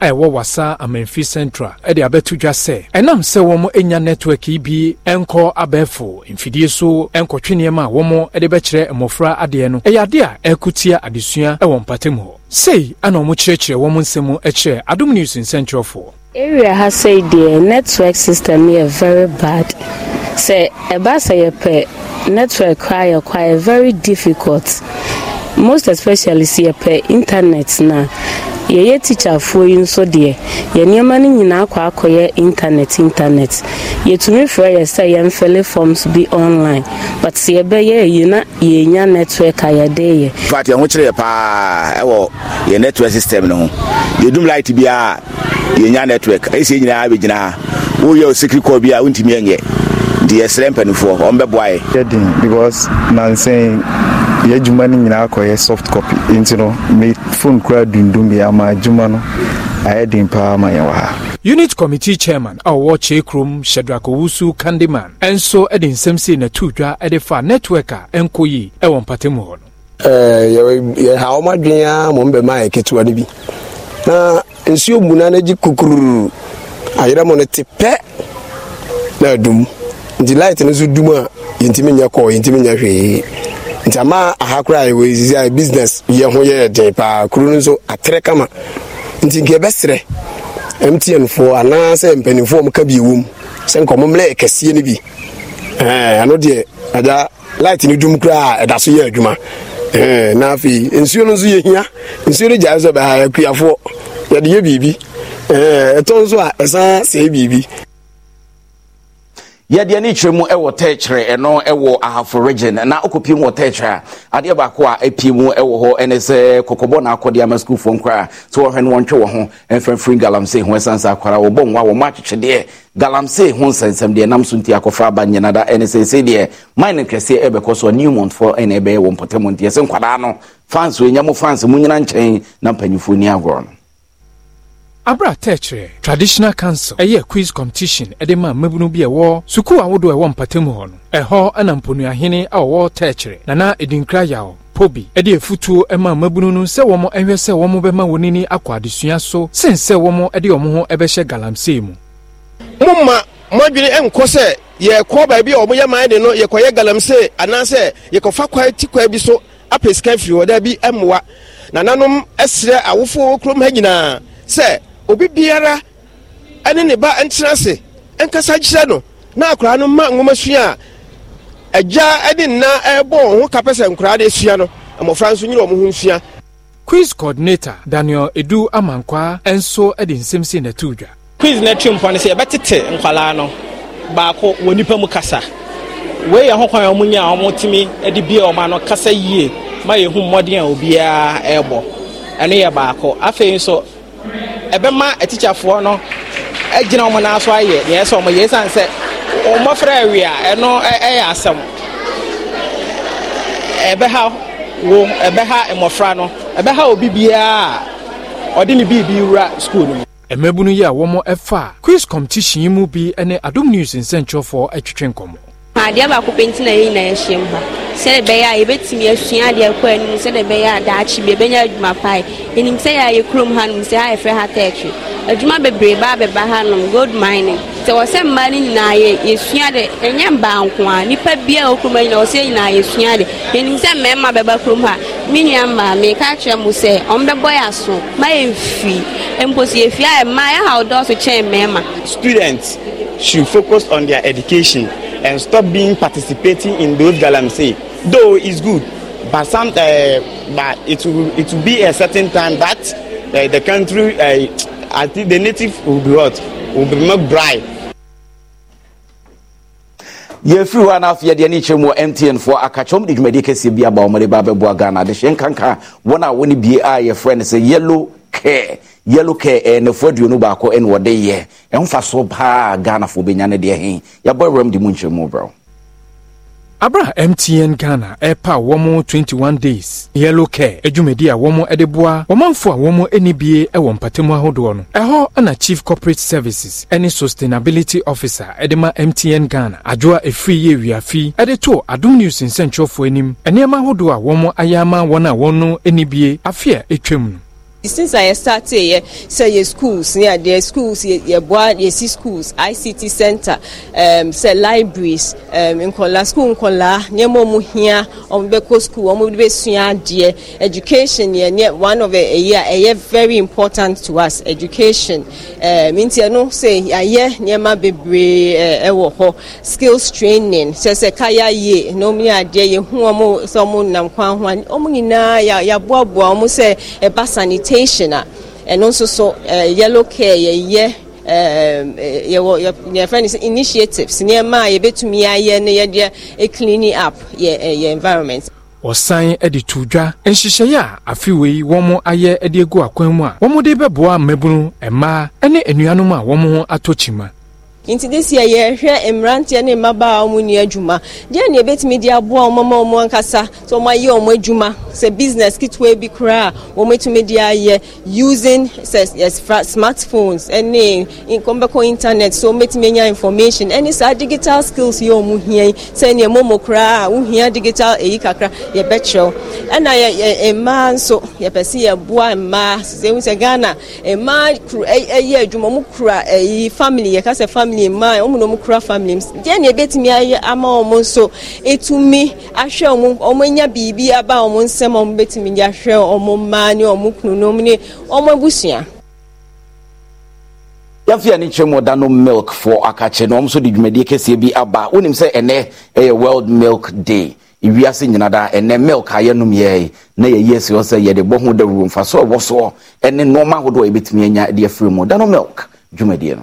a ɛwɔ wasa amanfi central ɛde abɛto dwa sɛ ɛnam sɛ wɔn anya network yi bi ɛnkɔ abɛɛfo mfidie so ɛnkɔtwe nneɛma a wɔn ɛde bɛkyerɛ mmɔfra adeɛ no ɛyɛ adeɛ a ɛkotia adesua ɛwɔ mpatamu hɔ sei ana wɔn kyerɛkyerɛ wɔn nsɛm ɛkyerɛ adum news nsɛnkyerɛfoɔ. area ha sɛ deɛ network system yɛ very bad sɛ ɛba sɛ yɛpɛ network kora yɛ kora yɛ very difficult most especially sɛ yɛpɛ internet na yɛyɛ tikyafoɔ yi nso deɛ yɛn nneɛma no nyinaa akɔ akɔyɛ internet internet yɛtumi frɛ yɛ sɛ yɛmfɛle forms bi online but yɛbɛyɛ ayi na yɛnya network a yɛde yɛ fat yɛho kyerɛ yɛ paa ɛwɔ yɛ network system no ho yɛdum light biaa yɛnya network ɛyɛ sɛ nyinaa bɛgyina ha woyɛ osekiri kɔɔ bi a wontumi ɛnyɛ nti yɛsrɛ mpanimfoɔ ɔmbɛboa yɛ because nansɛn yɛ adwuma no nyinaa kɔyɛ soft copy nti no me phone koraa dundum yɛ ama adwuma no ayɛ den paa ma yɛwɔ ha unit committee chairman a ɔwɔ kyee kurom shadrack owusu candyman ɛnso de nsɛm sei na tuu dwa de fa network a ɛnkɔ yi wɔ mpatamu hɔ no eh, yɛha wɔm adwene a mmom bɛma yɛ ketewa no bi na nsuo muna no agye kukururu ayerɛ mo no te na adum nti light no so dum a yɛntimi nyɛ kɔɔ yɛntimi nyɛ hwee nti ama aha koraa ɛwɔ esisi a business yɛ ho yɛ den paa kuro no nso atere kama nti nka ɛbɛsrɛ mtn foɔ anaasɛ mpanimfoɔ ɔmo ka bi ewom sɛ nka ɔmo mmerɛ kɛseɛ no bi ɛɛ ano deɛ ada light no dum koraa ɛda so yɛ adwuma ɛɛ na afei nsuo no nso yɛ hia nsuo no gyae sɛ bɛha akuafoɔ yɛde yɛ biribi ɛɛ ɛtɔ nso a ɛsan sɛɛ biribi yɛdeɛ ne kyerɛ mu wɔ tɛkyerɛ ɛno wɔ ahafo region na wokɔpie mu wɔ tɛkyerɛ a adeɛ baako a apie mu wɔ hɔ ɛne sɛ kɔkɔbɔ na akɔde ama sukuufoɔ nkora sɛ wɔhwɛ no wɔntwe wɔ ho mfrɛmfiri galamsey ho ɛsiane sɛ akwara wɔbɔ nwa wɔma atwetwedeɛ galamsey ho nsɛnsɛm deɛ nam so nti akɔfa aba nyinada ɛne sɛ ɛsɛ deɛ mine kɛseɛ ɛbɛkɔ so newmontfoɔ ɛne ɛbɛyɛ wɔ mpɔtamu nti ɛsɛ nkwadaa no fans ɛnya mu fans mu nyina nkyɛn na mpanyimfoɔ ni agorɔ no abra tɛkyerɛ traditional council ɛyɛ quiz competition ɛde ma mmabunu bi ɛwɔ sukuu ahodoɔ ɛwɔ mpatamu hɔ no ɛhɔ na mponuahene a ɔwɔ nana edinkra yaw pobi ɛde afutuo ɛma mmabunu no sɛ wɔn ɛhwɛ sɛ wɔn bɛma wɔn ani akɔ adesua so sen sɛ wɔn ɛde wɔn ho ɛbɛhyɛ galamsey mu. mo obi biara ɛne ne ba ntena ase nkasa kyerɛ no na akwaraa no ma nwoma sua a agya ne nna ɛrebɔ wɔn ho kapɛ sɛ nkwaraa no asua no mmɔfra nso nyere wɔn ho nsua quiz coordinator daniel edu amankwa nso de nsɛm si n'atu dwa quiz n'akyi mpoa no sɛ yɛbɛtete nkwaraa no baako wɔ nipa mu kasa wei yɛ ho kwan a wɔnya a wɔtumi de bie wɔn ano kasa yie ma yɛhu mmɔden a obiara ɛrebɔ ɛno yɛ baako afei nso ɛbɛma atikyafoɔ no gyina wɔn nan so ayɛ deɛ ɛsɛ wɔn yɛ esan sɛ wɔn mmɔfra awi ɛno ɛyɛ asɛm ɛbɛha wo ɛbɛha mmɔfra no ɛbɛha obi biara ɔde ne biribi wura sukuu no mu. mmabunu yi a wɔn fa quiz competition yi mu bi ne adum news nsɛnkyerɛfoɔ atwitwe nkɔmɔ. adeɛ baako penti na yɛn nyinaa yɛhyia mu ha sɛde bɛyɛ a yɛbɛtumi asua adeɛ kɔ anim sɛde bɛyɛ a daakye bi yɛbɛnya adwuma pae ɛnim sɛ yɛ yɛkurom hanom sɛ ha yɛfrɛ ha tɛɛtwe adwuma bebree baa bɛba hanom gold mining sɛ wɔ sɛ mmaa no nyinaa yɛsua de ɛnyɛ mbaa nko a nnipa bia a wɔ kurom wɔ sɛ nyinaa yɛsua de ɛnim sɛ mmarima bɛba kurom ha me nua mmaa meka kyerɛ mo sɛ ɔmbɛbɔ yɛ aso ma yɛmfii mpo sɛ yɛfie a ɛmmaa yɛhaw dɔɔso kyɛn mmarima students should focus on their education and stop being participating in those galamsey though it's good but some uh, but it will it will be a certain time that uh, the country uh, i think the native will be what will be more dry yɛfiri hɔ a na afei yɛdeɛ ne kyerɛ mu wɔ mtn foɔ akakyɛm de dwumadi kɛseɛ bi aba ɔmɔde ba bɛboa ghana adehyɛ nkanka wɔn a wɔne bie a ah, yɛfrɛ no sɛ yellow care yellow care ɛɛ eh, nɛfoɔ aduonu baako ɛna eh, wɔde yɛ ɛnfa eh, so paa ghanafoɔ bɛnya ne deɛ hen yɛbɔ ewuram de mu nkyɛnmu brɛw. abra mtn ghana ɛrepa wɔn 21 days yellow care adwumadi a wɔn de boa wɔmanfo a wɔn ani bie wɔ mpatamu ahodoɔ no ɛhɔ na chief corporate services ne sustainability officer de ma mtn ghana adwoa efiri yie wiafi de to adum news nsɛntwerɛfoɔ anim nneɛma ahodoɔ a wɔn ayɛ ama wɔn a wɔn ani bie afe a atwam no since I started, here, say your schools, yeah, their schools, your board, your schools, ICT center, um, say libraries, um, in kola school in kola, near momu here, on beko school, on mube suya dear, education, yeah, one of a year, a year very important to us, education. Um, in no say, a year, near my baby, uh, ewo, skills training, say, say, kaya ye, no me a dear, you who are more, someone, um, kwan, one, omuni na, ya, ya, boa, boa, almost say, a sanitary. education a ɛno nso so yellow care yɛyɛ yɛwɔ yɛfrɛ no sɛ initiatives nneɛma a yɛbɛtumi ayɛ no yɛde ɛcleani up yɛ yɛ environment wɔsan de to dwa nhyehyɛeɛ a afeiwei wɔn ayɛ de agu akwan mu a wɔde bɛboa mmabunu mmaa ne anuanom a wɔn atɔ kyima nti de si yɛhwɛ mmeranteɛ ne mmabaawa wɔn nua adwuma deɛ nea ebetumi de aboa wɔn ma wɔn ankasa so wɔn ayɛ wɔn adwuma sɛ business ketewa bi koraa wɔn etumi de ayɛ using sɛ yes, smartphones ɛne nkɔmbɛkɔ internet so wɔn etumi anya information ɛne saa digital skills yɛ wɔn hia sɛ nea momo koraa wohia digital eyi kakra yɛbɛkyerɛw ɛna e, e, yɛ yɛ mmaa nso yɛpɛ si yɛboa e mmaa sɛ ehu sɛ ghana mmaa ɛyɛ adwuma wɔn kura ɛyi family yɛka sɛ family. family mma wɔn na wɔn kura family deɛ na ebetumi ayɛ ama wɔn nso etumi ahwɛ wɔn wɔn anya biribi aba wɔn nsam wɔn betumi de ahwɛ wɔn mmaa ne wɔn kununom ne wɔn abusua. yɛafia ne kyerɛ mu ɔda no milkfoɔ aka kyerɛ no ɔm nso de dwumadie kɛseɛ bi aba wonim sɛ ɛnɛ ɛyɛ world milk day ewiase nyina da ɛnɛ milk a yɛnom yɛe na yɛyi asi hɔ sɛ yɛde bɔ ho dawuro mfa so ɛwɔ soɔ ɛne nnoɔma ahodoɔ a yɛbɛtumi anya de afiri mu da no milk dwumadie no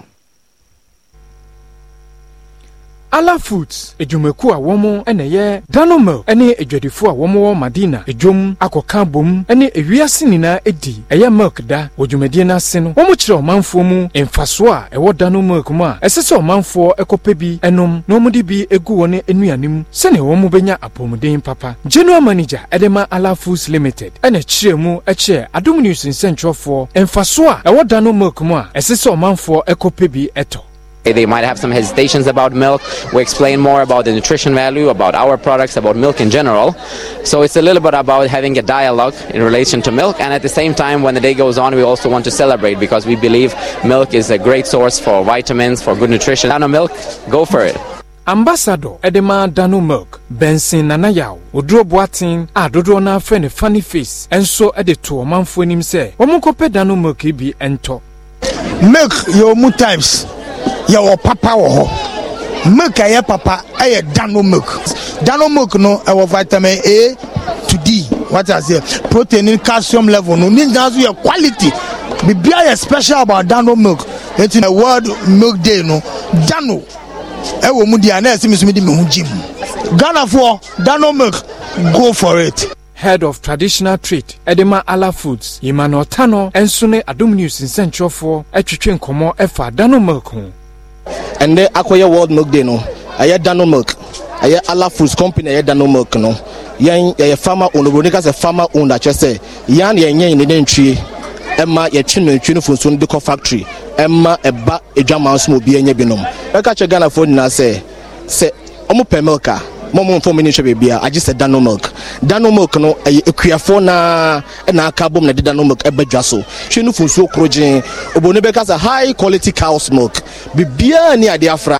ala foods edwumaku a wɔn na ɛyɛ danomel ne adwadifo a wɔn wɔ madina edwom akɔka bom ne ewiase nyinaa edi ɛyɛ milk da wɔ dwumadie n'ase no wɔn kyerɛ ɔmanfoɔ mu mfasoɔ a ɛwɔ danomel milk mu a ɛsɛ sɛ ɔmanfoɔ ɛkɔpɛ bi nom na wɔn de bi egu wɔn anuanom sɛnea wɔn bɛnya apɔmuden papa general manager ɛde ma ala foods limited ɛna kyerɛ mu ɛkyɛ adum news nsɛntwerɛfoɔ mfasoɔ a ɛwɔ danomel milk mu a ɛsɛ sɛ ɔmanfoɔ ɛkɔpɛ They might have some hesitations about milk. We explain more about the nutrition value, about our products, about milk in general. So it's a little bit about having a dialogue in relation to milk. And at the same time, when the day goes on, we also want to celebrate because we believe milk is a great source for vitamins, for good nutrition. Dano milk, go for it. ambassador edema Danu milk benson nanayaw oduro boaten a dodoɔ funny face and so to ɔmanfoɔ anim sɛ wɔmonkɔpɛ dano milk ibi ento. milk your mood types yɛwɔ papa wɔ hɔ milk a ɛyɛ papa ɛyɛ dano milk dano milk no ɛwɔ vitamin a to d what i say protein ni calcium level no ne nyinaa so yɛ quality bibia yɛ special about dano milk eti na world milk day no dano ɛwɔ mu di a na ɛsi mi so di mi ho gym ghanafoɔ dano milk go for it. head of traditional trade edema ala foods emmanuel tano nso ne adom news nsɛnkyerɛfoɔ atwitwe nkɔmmɔ ɛfa dano milk ho ɛnɛ akɔyɛ world milk day no ɛyɛ dano milk ɛyɛ ala foods company ɛyɛ dano milk no yɛn yɛyɛ farmer owned obroni kasɛ farmer owned akyerɛ sɛ yan yɛnyɛ yɛn ne ntwie ɛma yɛtwe no ntwie no funsun de kɔ factory ɛma ɛba e e nso ma obi ɛnyɛ binom ɛka e kyerɛ ghana fo nyinaa sɛ sɛ ɔmo pɛ milk a. mɔmɔ nfɔm mi ni nhwɛ beebi a agye sɛ dano milk dano milk no ɛyɛ eh, ekuafoɔ naa ɛna eh, aka abom na ɛde dano milk ɛbɛ eh, dwa so hwɛ no funsuo koro obonibɛka sɛ high quality cow's milk bibiara ni ade afra.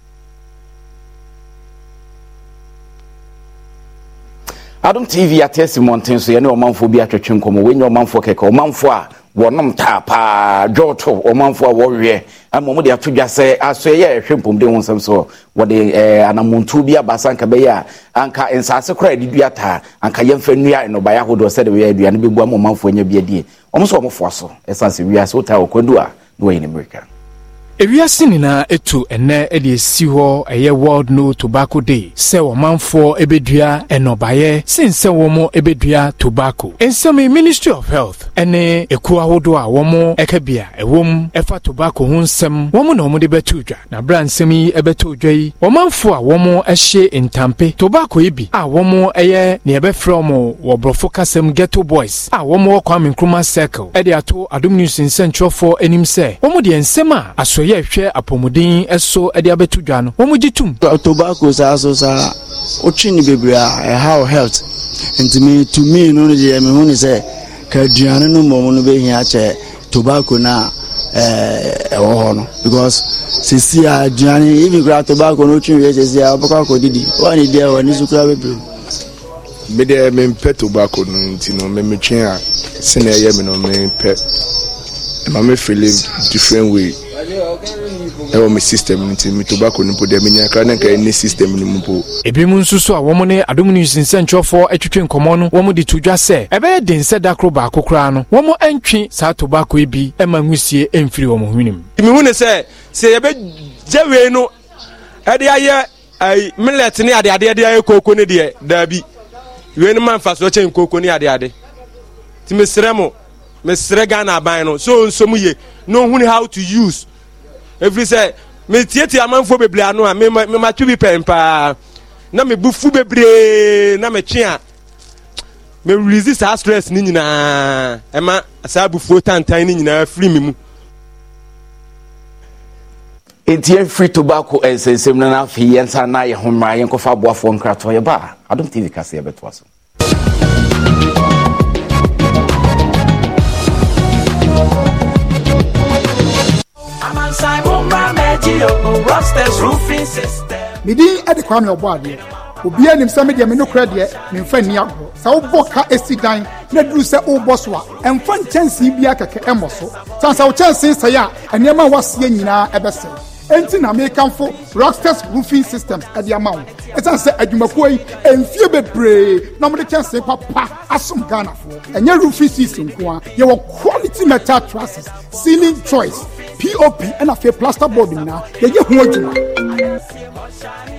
adom tv ate asi mmɔnten so yɛne ɔmanfoɔ bi atwetwe nkɔmmɔ wɔnyɛ ɔmanfoɔ kɛkɛ ɔmanfoɔ a wɔnom taa paa dwɔɔto ɔmanfoɔ a wɔweɛ ama ɔmo de ato dwa sɛ asoɛ yɛ ɛhwɛ mpɔmden ho nsɛm so wɔde ɛɛ eh, anamontuo bi aba sanka bɛyɛ a anka nsaase koraa yɛde dua taa anka yɛmfa nnua nnɔbaeɛ ahodoɔ sɛde wɔyɛ aduane bɛbu ama ɔmanfoɔ nya bi adie ɔmo nso ɔmo foa so ɛsan sɛ wiase wotaa ɔkwandu a na wɔyɛ ne mmirika ewiase nyinaa etu ɛnɛ ɛde esi hɔ ɛyɛ world no tobacco day sɛ ɔmanfoɔ ebedua ɛnɔbaeɛ sen sɛ wɔn ebedua tobacco nsɛm ministry of health ɛne ekuo ahodoɔ a wɔn ɛka bia ɛwɔ ɛfa tobacco ho nsɛm wɔn na wɔn de bɛto dwa na abira nsɛm yi ɛbɛto dwa yi ɔmanfoɔ a wɔn ɛhyɛ ntampe tobacco yi bi a wɔn ɛyɛ nea ɛbɛfrɛ wɔn wɔ borɔfo kasɛm ghetto boys a wɔn wɔ kwame nkrumah circle ɛde ato adum news nsɛntwerɛfoɔ anim sɛ wɔn deɛ nsɛm a asɔyɛ yɛ hwɛ apɔmuden ɛso ɛde abɛto dwa no wɔn gye tum. tobacco saa so saa wotwi ne bebree a ɛha wɔ health ntumi tumi no no deɛ mehu ne sɛ ka aduane no mmɔm no bɛhia kyɛ tobacco na a ɛwɔ hɔ no because sisi a aduane ibi kura tobacco no otwi wie sisi a ɔbɛkɔ akɔdidi wɔn ani deɛ wɔn ani so kura bebree. mi deɛ mi mpɛ tobacco no nti no mi mi twi a sini ɛyɛ mi no mi mpɛ maame fele different way ɛwɔ me system no nti me tobacco no mpo deɛ menya kra na nkaɛ ne system no mu mpo ebinom nso so a wɔm ne adom news nsɛnkyerɛfoɔ atwitwe nkɔmmɔ no wɔm de to dwa sɛ ɛbɛyɛ den sɛ da koro baako koraa no wɔm antwe saa tobacco yi bi ɛma nhusie ɛmfiri wɔn hwenem mehu ne sɛ sɛ yɛbɛgya wei no ɛde ayɛ ai millet ne adeadeɛ de ayɛ kooko ne deɛ daabi wei no ma mfasoɔ kyɛn kooko ne adeade nti mesrɛ mo mesrɛ ghana aban no so nsom ye na ohun how to use efiri sɛ metietie amanfoɔ bebree ano a mematwe bi pɛn paa na mebu fu bebree na metwe a merelease saa stress ne nyinaa ɛma saa abufuo tantan ne nyinaa firi me mu nti yɛmfiri tobacco nsɛnsɛm no no afei yɛnsa na yɛho mmara yɛnkɔfa aboafoɔ nkratoɔ yɛba a adom tv kase yɛbɛtoa so Nwa Meji Ogun oh, Rosters Roofing System. Midi Edi Kwame Obuade. Obi anim sɛ me deɛ me nokorɛ deɛ memfa nni agorɔ sɛ wobɔ ka ɛsi dan na duru sɛ wobɔ so a ɛmfa nkyɛnsee bia kɛkɛ ɛmmɔ so sane sɛ wo kyɛnsee sɛe a ɛnneɛma a woaseɛ nyinaa ɛbɛsɛe ɛnti na mekamfo rockstars roofing systems ɛde ama wo ɛsiane sɛ adwumakuo yi ɛmfie bebree na mode kyɛnse papa asom ghanafoɔ ɛnyɛ roofing season nko a yɛwɔ quality metal trusses ceiling choice pop ɛna afei plaster board nyinaa yɛyɛ ho adwuma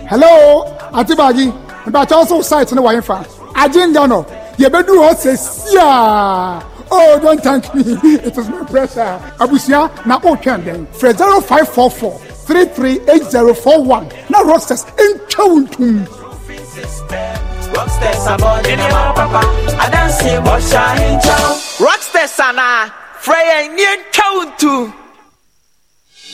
hello ante baagi mbakyɛ ɔsɛ wo site ne wɔyɛ fa agyenga no yɛbɛduru hɔ sɛ siaa oh don't thank me it is my pressure abusua na ɔtwɛn dɛn frɛ zero five four four three three eight zero four one na rockstars ntwa wo ntum. Rockstars abɔde ne ma papa adansi bɔ hyɛ ahenkyɛw. Rockstars ana frɛ yɛn nie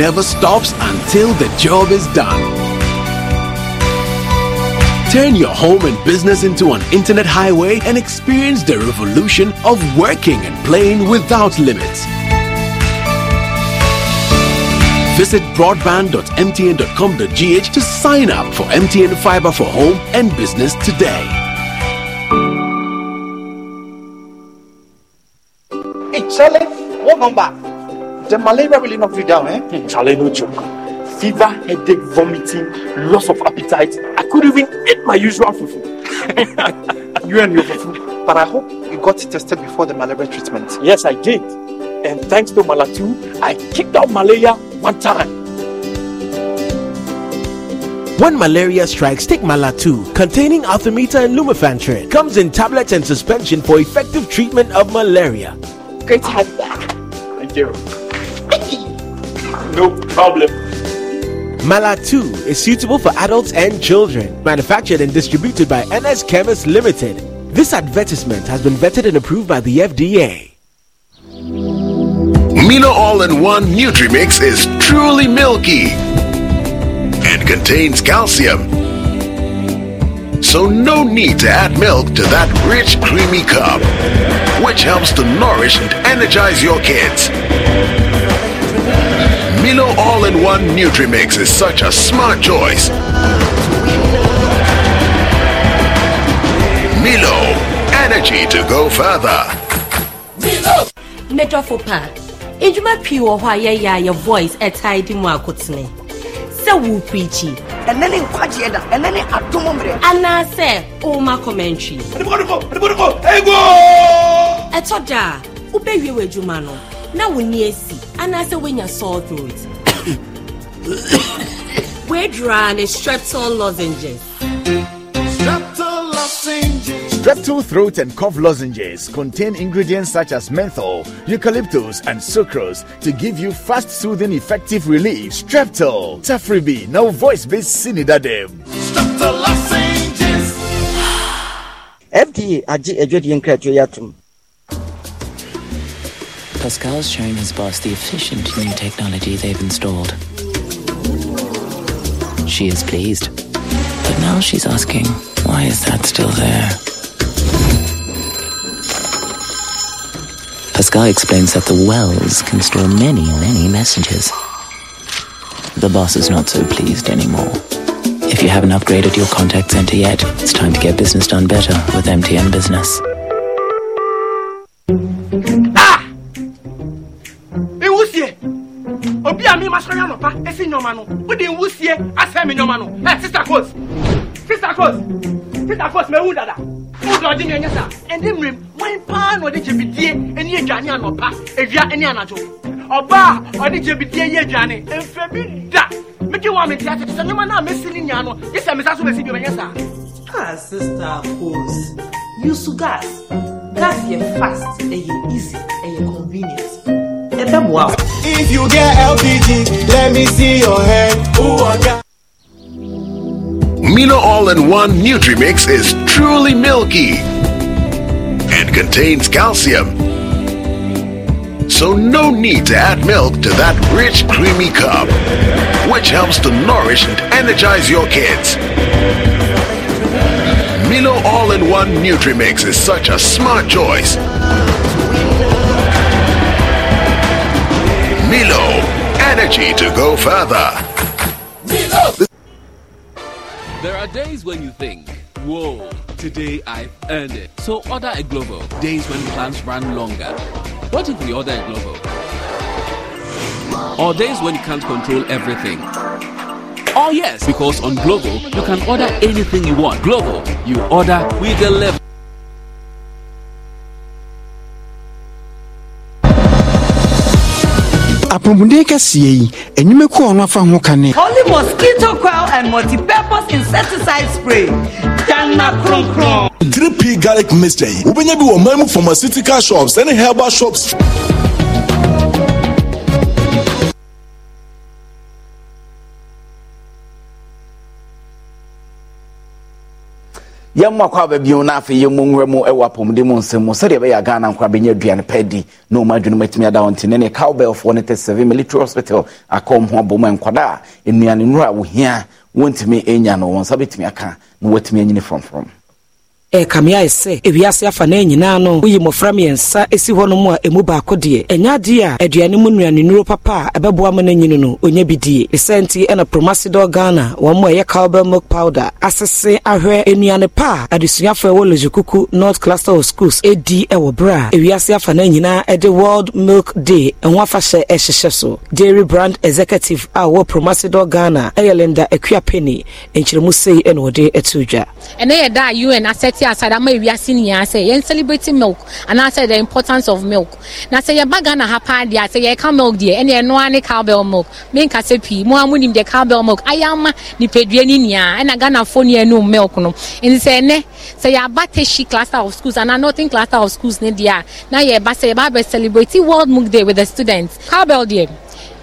never stops until the job is done. Turn your home and business into an internet highway and experience the revolution of working and playing without limits. Visit broadband.mtn.com.gh to sign up for MTN Fiber for Home and Business today. Hey, Charlie, what number? The malaria will not be down, eh? Charlie, no joke. Fever, headache, vomiting, loss of appetite. I couldn't even eat my usual fufu. you and your fufu. But I hope you got tested before the malaria treatment. Yes, I did. And thanks to Malatu, I kicked out malaria one time. When malaria strikes, take Malatu, containing Arthemeter and Lumefantrin. Comes in tablets and suspension for effective treatment of malaria. Great to have you back. Thank you. No problem. Malatu is suitable for adults and children. Manufactured and distributed by NS Chemist Limited. This advertisement has been vetted and approved by the FDA. Mino All-in-One Nutrimix is truly milky and contains calcium. So no need to add milk to that rich, creamy cup, which helps to nourish and energize your kids. Milo All-in-One Nutrimix is such a smart choice. Milo, energy to go further. Milo! Medrofo Park, edwuma pii wɔ hɔ a yɛyɛ a yɛ voice ɛtae di mu akotene. Sɛ wo preachi. Ɛnɛ ne nkwagyeɛ da, ɛnɛ ne adom mmerɛ. Anaasɛ woma commentary. Ɛtɔ da a, wobɛwie wɔ adwuma no, na wo ni and I when you woanya sore throat woaduraa ne streptol lozenges streptol lozenges Streptol throat and cough lozenges contain ingredients such as menthol, eucalyptus, and sucrose to give you fast, soothing, effective relief. Streptol, Tafribi, now voice-based Sinidadem. Streptol lozenges. FDA agye adwadie nkratoyɛ Pascal's showing his boss the efficient new technology they've installed. She is pleased. But now she's asking, why is that still there? Pascal explains that the wells can store many, many messages. The boss is not so pleased anymore. If you haven't upgraded your contact center yet, it's time to get business done better with MTN Business. a mi ma sɔrɔ yanɔ pa esi nyɔma no o de wu sie asɛ mi nyɔma no ɛ sista kos sista kos sista kos mɛ wu dada o dɔ di mi ɛnyɛ sa ɛni mìíràn wọn paa na ɔde jebidie ɛni eduane anɔpa edua ɛni anadzo ɔbaa ɔde jebidie yɛ eduane nfɛ bi da miki wa mi ti ati sɛ nyɔma naa mi si ni nyaa no yi sɛ mi sa so bɛ si bi ɛnyɛ sa. ah sista kos yusu gas gas yɛ fast ɛyɛ easy ɛyɛ convenient ɛbɛ bu awo. If you get LPG, let me see your head. Ooh, Milo All-in-One Nutrimix is truly milky and contains calcium. So no need to add milk to that rich creamy cup, which helps to nourish and energize your kids. Milo All-in-One Nutrimix is such a smart choice Milo. Energy to go further. Milo! There are days when you think, whoa, today I've earned it. So order a global. Days when plans run longer. What if we order a global? Or days when you can't control everything. Oh yes, because on Global, you can order anything you want. Global, you order, we deliver. apɔmuden kɛseɛ yi enyim ɔno afa ho kane. holy mosquito coil and multi-purpose insecticide spray dana kronkron. 3p garlic mixture yi wobɛnya bi wɔ man mu pharmaceutical shops ɛne herbal shops. yɛmma kɔ aba bio no afei yɛmu nwura mu wɔ apɔmuden mu nsɛm mu sɛdeɛ ɛbɛyɛ ghana nkora bɛnya aduane pa di na ɔma adwene matumi ada wɔnte ne ne cowbellfoɔ no 37 military hospital akɔ ho abɔmu nkwadaa nnuane nnuro wohia wɔntumi ɛnya no wɔn nsa bɛtumi aka na wɔatumi anyini frɔmfrɔm ɛkame ayɛ sɛ ewiase afa na nyinaa no woyi mmɔfra mmiɛnsa esi hɔ nom a emu baako deɛ ɛnya adeɛ a aduane mu nnuane nuro papa a ɛbɛboa ma n'anyini no onya bi die ɛsɛ nti ɛna promasidol ghana wɔn mu a ɛyɛ cowbell milk powder asese ahwɛ nnuane pa a adesuafoɔ ɛwɔ lejikuku north cluster of schools edi ɛwɔ berɛ a ewiase afa na nyinaa ɛde world milk day ɛho afahyɛ ɛhyehyɛ so dairy brand executive a wɔwɔ promasidol ghana ɛyɛ linda ekuapeni nkyerɛmu sei ɛna wɔde ɛto dwa ɛnɛ yɛ un asset te asade ama ewiase nyinaa sɛ yɛn celebrating milk anaasɛ the importance of milk na sɛ yɛba ghana ha paa deɛ sɛ yɛka milk deɛ ɛna ɛnoa ne cowbell milk menkasɛ pii mo a monim deɛ cowbell milk ayɛ ama nipadua no nyinaa ɛna ghanafoɔ ne anom milk no nti sɛ ɛnɛ sɛ yɛaba tehyi cluster of schools anaa northern cluster of schools ne deɛ a na yɛba sɛ yɛba abɛ celebrate world milk day with the students cowbell deɛ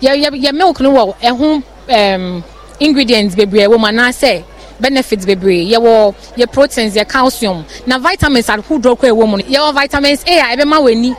yɛ yɛ yɛ milk no wɔ ɛho um, ingredients bebree wɔ mu anaasɛ benefits bebree yɛwɔ yɛ proteins yɛ calcium na vitamins ahodoɔ kɔ ɛwɔ mu no yɛwɔ vitamins a a ɛbɛma wɔ ani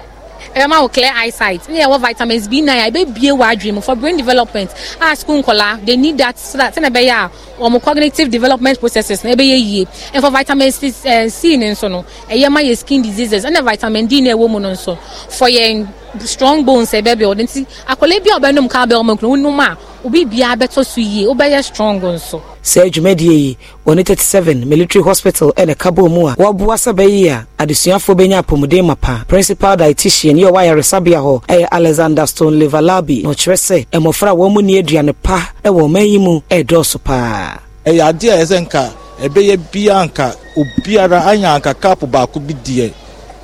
ma wɔ clear eyesight ne yɛwɔ vitamins b nine a ɛbɛbie wɔ adwene mu for brain development a school nkɔlaa they need that so that sɛnɛ ɛbɛyɛ a wɔn cognitive development processes na ɛbɛyɛ yie and for vitamin c ɛɛ eh, c ne nso no ɛyɛ ma yɛ skin diseases ɛna vitamin d na ɛwɔ mu no nso for yɛn strong bones ɛbɛbɛ ɔde nti akɔla bi a ɔbɛnum kaa bɛ ɔmo nkuna wɔnum a obi biara bɛtɔ so yie wobɛyɛ strong nso saa dwumadie yi wɔne 37 military hospital ɛna kabul mu a wɔboa sɛ bɛyi a adesuafoɔ bɛnya apɔmuden ma pa principal dietitian yi a ɔwɔ ayaresabea hɔ ɛyɛ alexander stone levalabi na ɔkyerɛ sɛ mmɔfra a wɔn mu ni aduane pa ɛwɔ ɔman yi mu ɛɛdɔɔso paa ɛyɛ adeɛ a ɛsɛ nka ɛbɛyɛ bia nka obiara anya anka kap baako bi deɛ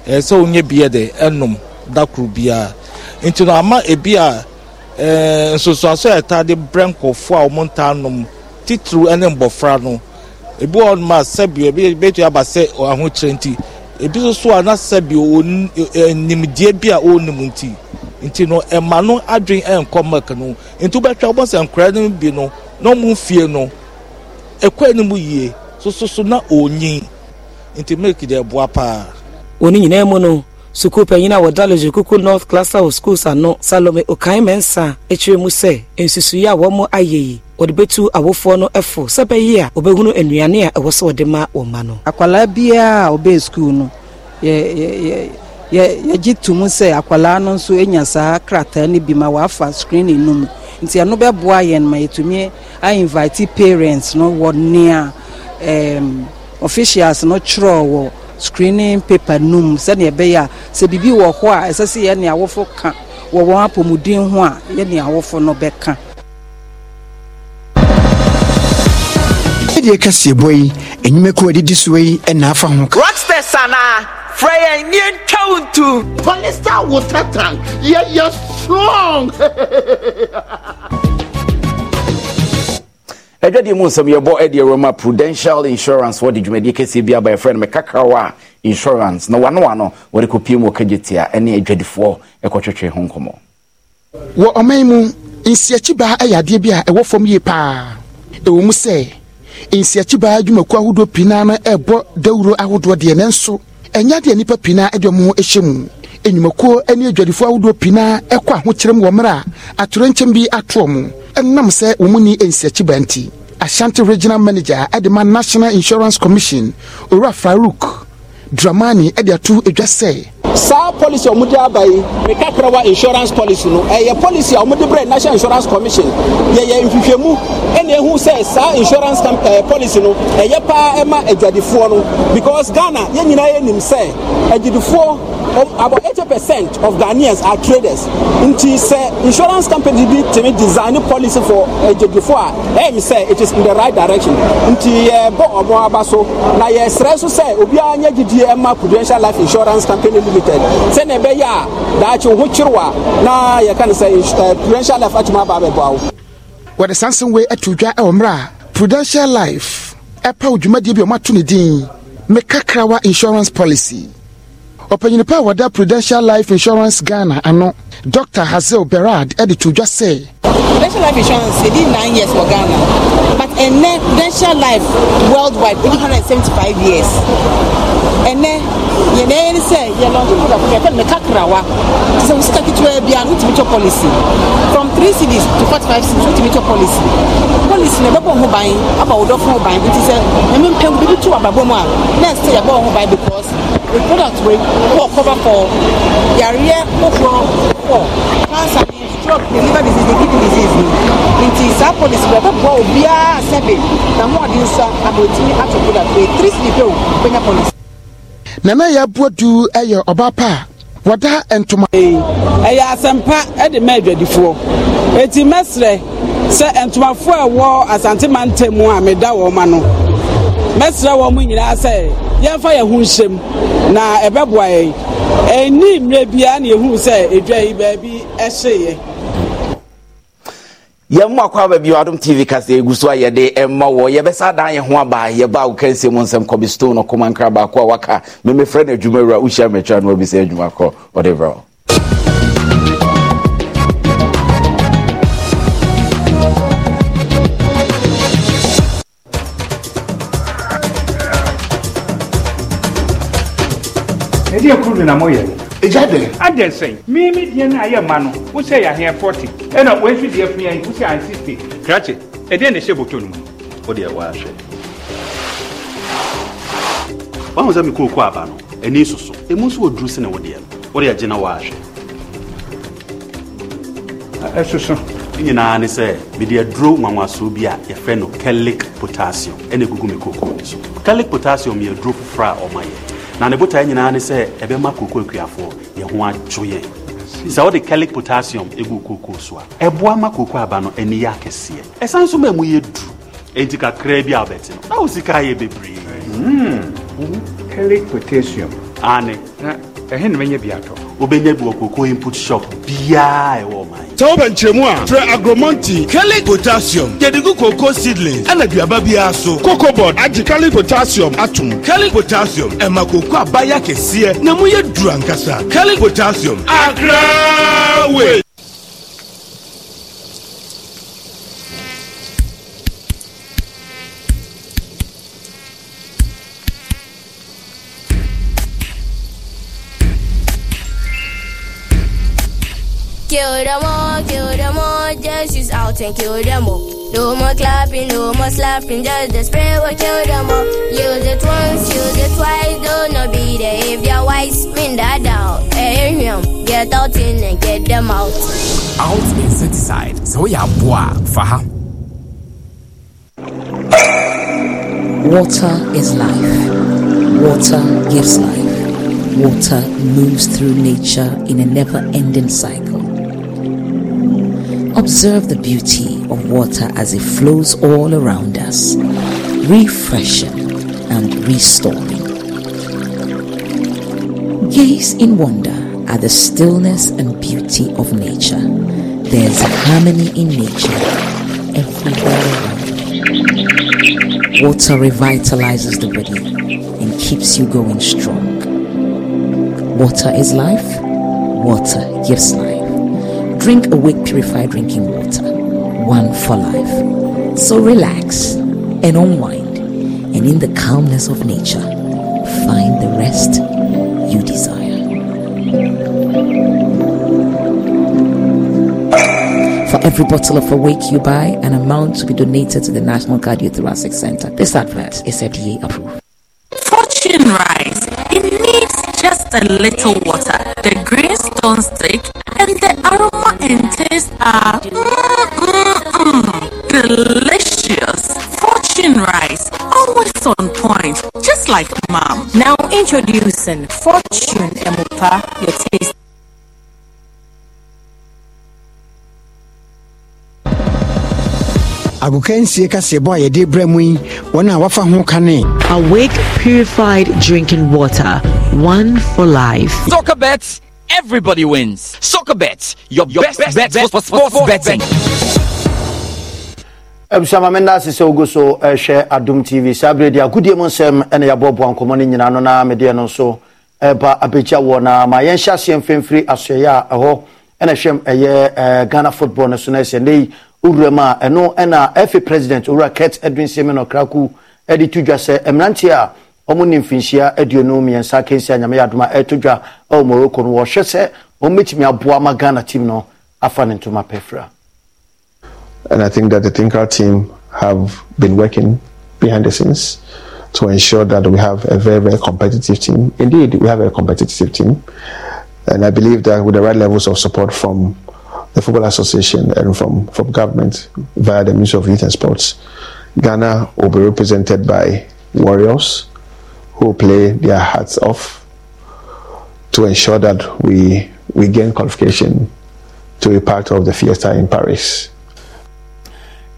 ɛsɛ onye bia de ɛnom dakoro biara nti no ama ebi a nsosoaso eh, a ɛta de brɛ nkɔfoɔ a wɔn ntaa nom titiri ne mbɔfra no ebi wɔ nom a sɛbi ebi etu aba sɛ ahokyerɛ nti ebi nso a na sɛbi wɔn nimdeɛ bi a wɔnim oh, nti nti no ɛma no adwene eh, ɛnkɔ milk no nti wobɛtwa wɔn sɛ nkɔla no bi no na wɔn fie no ɛkɔɛ no yie soso so na onyin nti milk deɛ ɛboa paa. wɔn nyinaa mu no. sukuu panyin a wɔda lejikuku north cluster of schools ano salome okanmensa akyerɛ mu sɛ nsusuyi a wɔn ayɛ yi wɔde bɛtu awofoɔ no ɛfo sɛ bɛyɛ a wɔbɛhunu nnuane a ɛwɔ sɛ wɔde ma wɔn ma no. akwadaa biara a ɔbɛn sukuu no yɛ yɛ yɛ yɛgye to mu sɛ akwadaa no nso anya saa krataa no bi ma wafa screening no mu nti ɛno bɛboa yɛn ma yɛtumi ainvite parents no wɔ nea ɛɛm officials no twerɛ wɔ screening paper no mu sɛdeɛ ɛbɛyɛ a sɛ biribi wɔ hɔ a ɛsɛ sɛ yɛne awofo ka wɔ wɔn apɔmuden ho a yɛne awofo no bɛka deɛ kɛseɛ bɔ yi enyimakuo adidi soɔ yi ɛna afa ho ka. rockstars ana frɛ wo ntu. polista water tank yɛ strong. ɛdwa deɛ mu nsɛm yɛbɔ ɛde ɛwɔma prudential insurance wɔde dwumadie kɛseɛ bi aba yɛfrɛ no mɛkakrawa insurance na wanoa no wɔde kɔpie mu wɔkagye tea ɛne adwadifoɔ ɛkɔtwetwe ho nkɔmmɔ wɔ ɔman mu nsiakyibaa ɛyɛ adeɛ bi a ɛwɔ fam yie paa ɛwɔ mu sɛ nsiakyibaa adwumakuo ahodoɔ pii naa no ɛrebɔ dawuro ahodoɔ deɛ nanso ɛnyɛ deɛ nnipa pii naa ɛde ɔmo ahyɛ mu enyimakuo ne adwadifoɔ ahodoɔ pii na ɛkɔ ahokyerɛm wɔ mmerɛ a atorɛnkyɛm bi atoɔ mu ɛnam sɛ wɔn ni nsiakyiba nti ashanti regional manager ɛde ma national insurance commission owura faruk dramani ɛde ato edwa sɛ saa policy a wɔn de aba yi ne kakrawa insurance policy no ɛyɛ policy a wɔn de brɛ national insurance commission yɛyɛ nhwehwɛmu ɛna ehu sɛ saa insurance camp policy no ɛyɛ paa ɛma adwadifoɔ no because ghana yɛn nyinaa yɛ nim sɛ adwadifoɔ about eighty percent of ghanaians are traders nti sɛ insurance company bi tɛmɛ design policy for adwadifoɔ a ɛyɛ mi sɛ it is in the right direction nti yɛbɔ wɔn aba so na yɛsrɛ so sɛ obiara nyɛ didi ɛma prudential life insurance company limited sɛnɛ ɛbɛyɛ a daakye ho kyerewa na yɛka no sɛ prudential life atumi aba abɛboa wo wɔde saa wei ato dwa ɛwɔ mmerɛ a prudential life ɛpa odwumadeɛ bi a ɔmato ne din mekakrawa insurance policy ɔpanyinipa a wɔda prudential life insurance ghana ano dr hazel berard ɛde to dwa sɛ prudential life insurance dey dey nine years for ghana but ẹnẹ prudential life worldwide dey years. and then, five years ẹnẹ yẹn náà yẹn sẹ yẹn lọ ọdún kúrò àkókò ẹfẹ kakra wa ti sẹ wosika ketewa bi a wotumi tọ policy from three cities to forty five cities wotumi tọ policy policy na ẹbẹbọ ọhún ban aba ọdọfọ ọhún ban ti sẹ ẹmi mpẹ bibi tu ababọ mu a nurse sẹ yabọ ọhún ban because the product wey wọ cover for yàrá yẹ kókó for cancer stroke liver disease kidney disease season nti saa policy bɛ bɛboa obiara sɛbe na hoɔden nsa ama ɔtumi ato product wei three sleep o bɛnya policy nana yɛ aboadu e yɛ ɔbaa pa a wɔda ntoma. ɛyɛ e asɛmpa de mɛ adwadifoɔ eti mɛsrɛ sɛ ntomafoɔ a e ɛwɔ asante mante mu a meda wɔn ma no mɛsrɛ wɔn mu nyinaa sɛ yɛmfa yɛn ho nhyɛm na ɛbɛboa yɛn ɛni mmerɛ biara na yɛhu sɛ edwa yi baabi ɛhyɛ yɛ yɛn mu akɔ aba bi wa adum tv kasa egu so a yɛde ɛma wɔ yɛbɛsa dan yɛn ho aba yɛba awoka nsɛm nsɛm kɔbi stone ɔkoma nkra baako a waka mɛmɛ frɛ no adwuma wura wuhyia mɛtwa no obi sɛ adwuma kɔ ɔde vrɛ o. ɛdi ekuru nina mo yɛ no ɛgya dɛn adɛ sɛn mimi deɛ no a yɛ ma no wosɛ yɛ aheɛ 40 ɛna wɔahwi deɛ fo yɛn wosɛ an 60 krakye ɛdeɛ na ɛhyɛ botɔ no mu wodeɛ wɔahwɛ wahu sɛ mekooko aba no ani soso ɛmu nso wɔduru sene wodeɛ no wode agye na wɔahwɛ ɛsoso ne nyinaa ne sɛ mede aduro nwanwasoɔ bi a yɛfrɛ no calic potassium ɛne ɛgugu me kookoo ne so calic potassium yɛ aduro foforɔ a ɔma yɛ na ne botaeɛ nyinaa ne sɛ ɛbɛma kooko akuafoɔ yɛ ho adwo sɛ wode calic potassium ɛgu kooko so a ɛboa ma kooko aba no ani yɛ akɛseɛ ɛsan so ma mu yɛ du enti kakraa bi a wobɛte no na wo sika yɛ bebree calic hmm. potassium ane ɛhe na mɛnyɛ bi atɔ wobɛnya bi wɔ koko input shop biaa ɛwɔ ɔman sɛ wobɛ nkyerɛmu a frɛ agromonti calic potassium yɛde koko seedlings ɛna duaba biara so cocobod agye calic potassium atom kali potassium ɛma koko abayɛ akɛseɛ na mu yɛ duru ankasa calic potassium agrawe Kill them all, kill them all, just use out and kill them all. No more clapping, no more slapping, just the spray will kill them all. Use it once, use it twice, don't not be there if you're wise. Spin that down, aim get out in and get them out. Out insecticide, so ya bois, faham. Water is life. Water gives life. Water moves through nature in a never ending cycle Observe the beauty of water as it flows all around us, refreshing and restoring. Gaze in wonder at the stillness and beauty of nature. There's harmony in nature everywhere around. Water revitalizes the body and keeps you going strong. Water is life. Water gives life. Drink Awake Purified Drinking Water, one for life. So relax and unwind, and in the calmness of nature, find the rest you desire. For every bottle of Awake you buy, an amount to be donated to the National Cardiothoracic Center. This advert is FDA approved. Fortune Rise. It needs just a little water, the green stone stick, and the these are mm, delicious fortune rice, always on point, just like mom. Now introducing Fortune Emupa, your taste. awake purified drinking water one for life soccer bets everybody wins. Soccer bets, your, your best, best bet, bet for sports, sports betting. abusama me nnaase sɛ wogu so ɛhwɛ eh, adom tv saa berɛ deɛ agodie mu nsɛm ɛne yɛaboaboa nkɔmmɔ no nyinaa no na medeɛ no nso ɛba eh, abɛgya wɔ na ma yɛnhyɛ aseɛ mfemfiri asoɛeɛ a ɛhɔ ɛna hwɛm ɛyɛ eh, ghana football no so no ɛsɛ nnɛ yi owura mu a ɛno ɛna fa president owura ket edwin semen ku ɛde to dwa sɛ mmeranteɛ a wɔn ne mfinhyia aduonu mmiɛnsa akansi anyame yadoma ɛto dwa ɛwɔ morocco no wɔhwɛ sɛ wɔn bɛtumi aboa ma ghana team no afa ne ntoma pɛfra. and i think that the tinker team have been working behind the scenes to ensure that we have a very very competitive team indeed we have a competitive team and i believe that with the right levels of support from the football association and from from government via the ministry of youth and sports ghana will be represented by warriors who play their hearts off to ensure that we, we gain qualification to be part of the fiesta in Paris.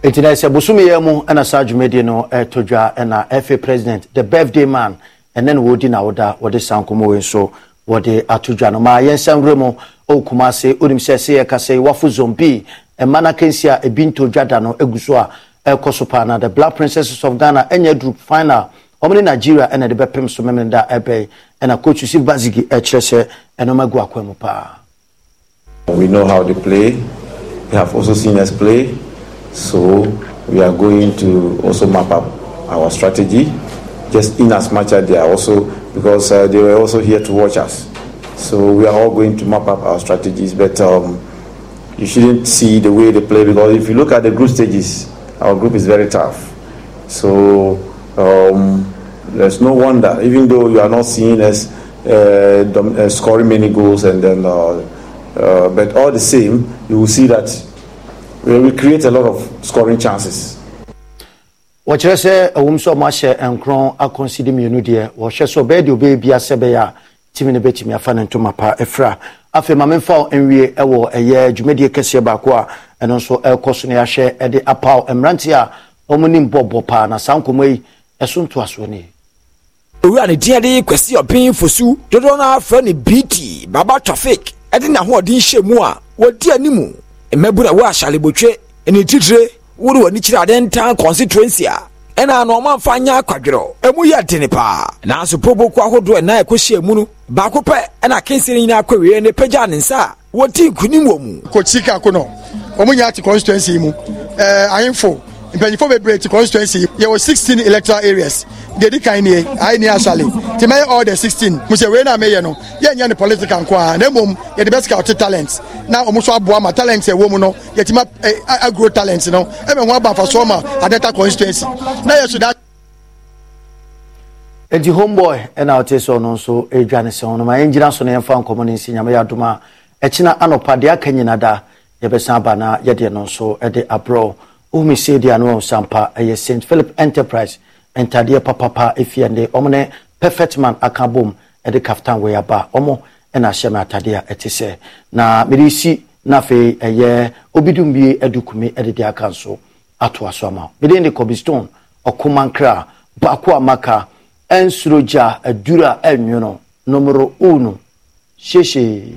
nti na sɛ bosome yɛ mu ɛna saa dwumadie no ɛto eh, dwa ɛna ɛfe president the birthday man ɛnɛ na wɔdi na wɔda wɔde saa nkɔmɔ wei nso wɔde ato dwa no maa yɛnsa nwura mu ɔwɔ kuma ase onim sɛ ɛsɛ yɛ kasa yi wafo zombi ɛma eh, na kɛnsi a ebi eh, nto dwa da no egu so a ɛkɔ so paa na the black princesses of ghana ɛnyɛ group final. ne nigeria ɛna de bɛpem so mɛmɛ da ɛna bazigi ɛkyerɛ sɛ akɔn mu paa. we know how they play they have also seen us play so we are going to also map up our strategy just in as much as they are also because uh, they were also here to watch us so we are all going to map up our strategies but um, you shouldn't see the way they play because if you look at the group stages our group is very tough so Um, there's no wonder, even though you are not seeing us uh, uh, scoring many goals, and then, uh, uh, but all the same, you will see that we create a lot of scoring chances. wɔkyerɛ sɛ ɛwom sɛ ɔmahyɛ nkron akɔnside mmienu deɛ wɔhyɛ so bɛɛ deɛ ɔbɛyɛ bia sɛ bɛyɛ a timi no bɛtumi afa e ne ntoma pa ɛfra afei ma memfa nwie ɛwɔ ɛyɛ dwumadie kɛseɛ baako a ɛno nso ɛrekɔ so no yɛahyɛ ɛde apaw mmeranteɛ a wɔn nim bɔbɔ paa na saa nkɔmmɔ yi ɛso ntoasoɔ ne owura ne din de kwasi ɔpin fosu dodoɔ no afrɛ ne baba ɛde n'ahoɔden hyɛ mu a wɔdi animu mmabura wɔ ahyalebotwe ne titire wode w'ani kyerɛ adentan constituency a ɛna na ɔmamfa nyɛ akwadwerɛ ɛmu yɛ dene paa nanso proboko ahodoɔ ɛna ɛkɔhyia mu no baako pɛ ɛna no nyinaa kɔwieɛ ne ne nsa a wɔdi nkonim wɔ mu kɔkyika ko no nyɛ ate constituency mu ɛɛ mpanyinfo bebree ti constituency yɛwɔ sixteen electoral areas dedi kan nie ayi ni asale ti mɛyɛ all the sixteen musa wei na mɛyɛ no yɛnyɛ ne political nko a na mmom yɛde bɛ sika ɔte talent na wɔn nso aboa ma talent ɛwɔ mu no yɛtima ɛ agro talent no ɛmɛ ho abanfasoɔ ma adeta constituency na yɛ so da. eti homeboy ɛna ɔte sɛ ɔno nso edwa ne sɛn ɔnoma yɛn gyina so na yɛn fa nkɔmɔ ne nsi nyame yɛ adoma ɛkyina anɔpa deɛ aka nyina da yɛbɛsan aba na yɛde no nso ɛde aborɔ wohumi sei deɛ ano ɔnsampa ɛyɛ st philip enterprise ntadeɛ papapa ɛfie nde ɔmo ne perfect man aka bom ɛde kaftan wei aba ɔmo ɛna ahyɛ me atadeɛ a ɛte sɛ na mede si na afei ɛyɛ obidum bie adukumi ɛde de aka nso atoa so ama mede ne kobi stone ɔkomankra baako a maka ɛnsuro gya aduru ɛnwono nomoro unu hyehyee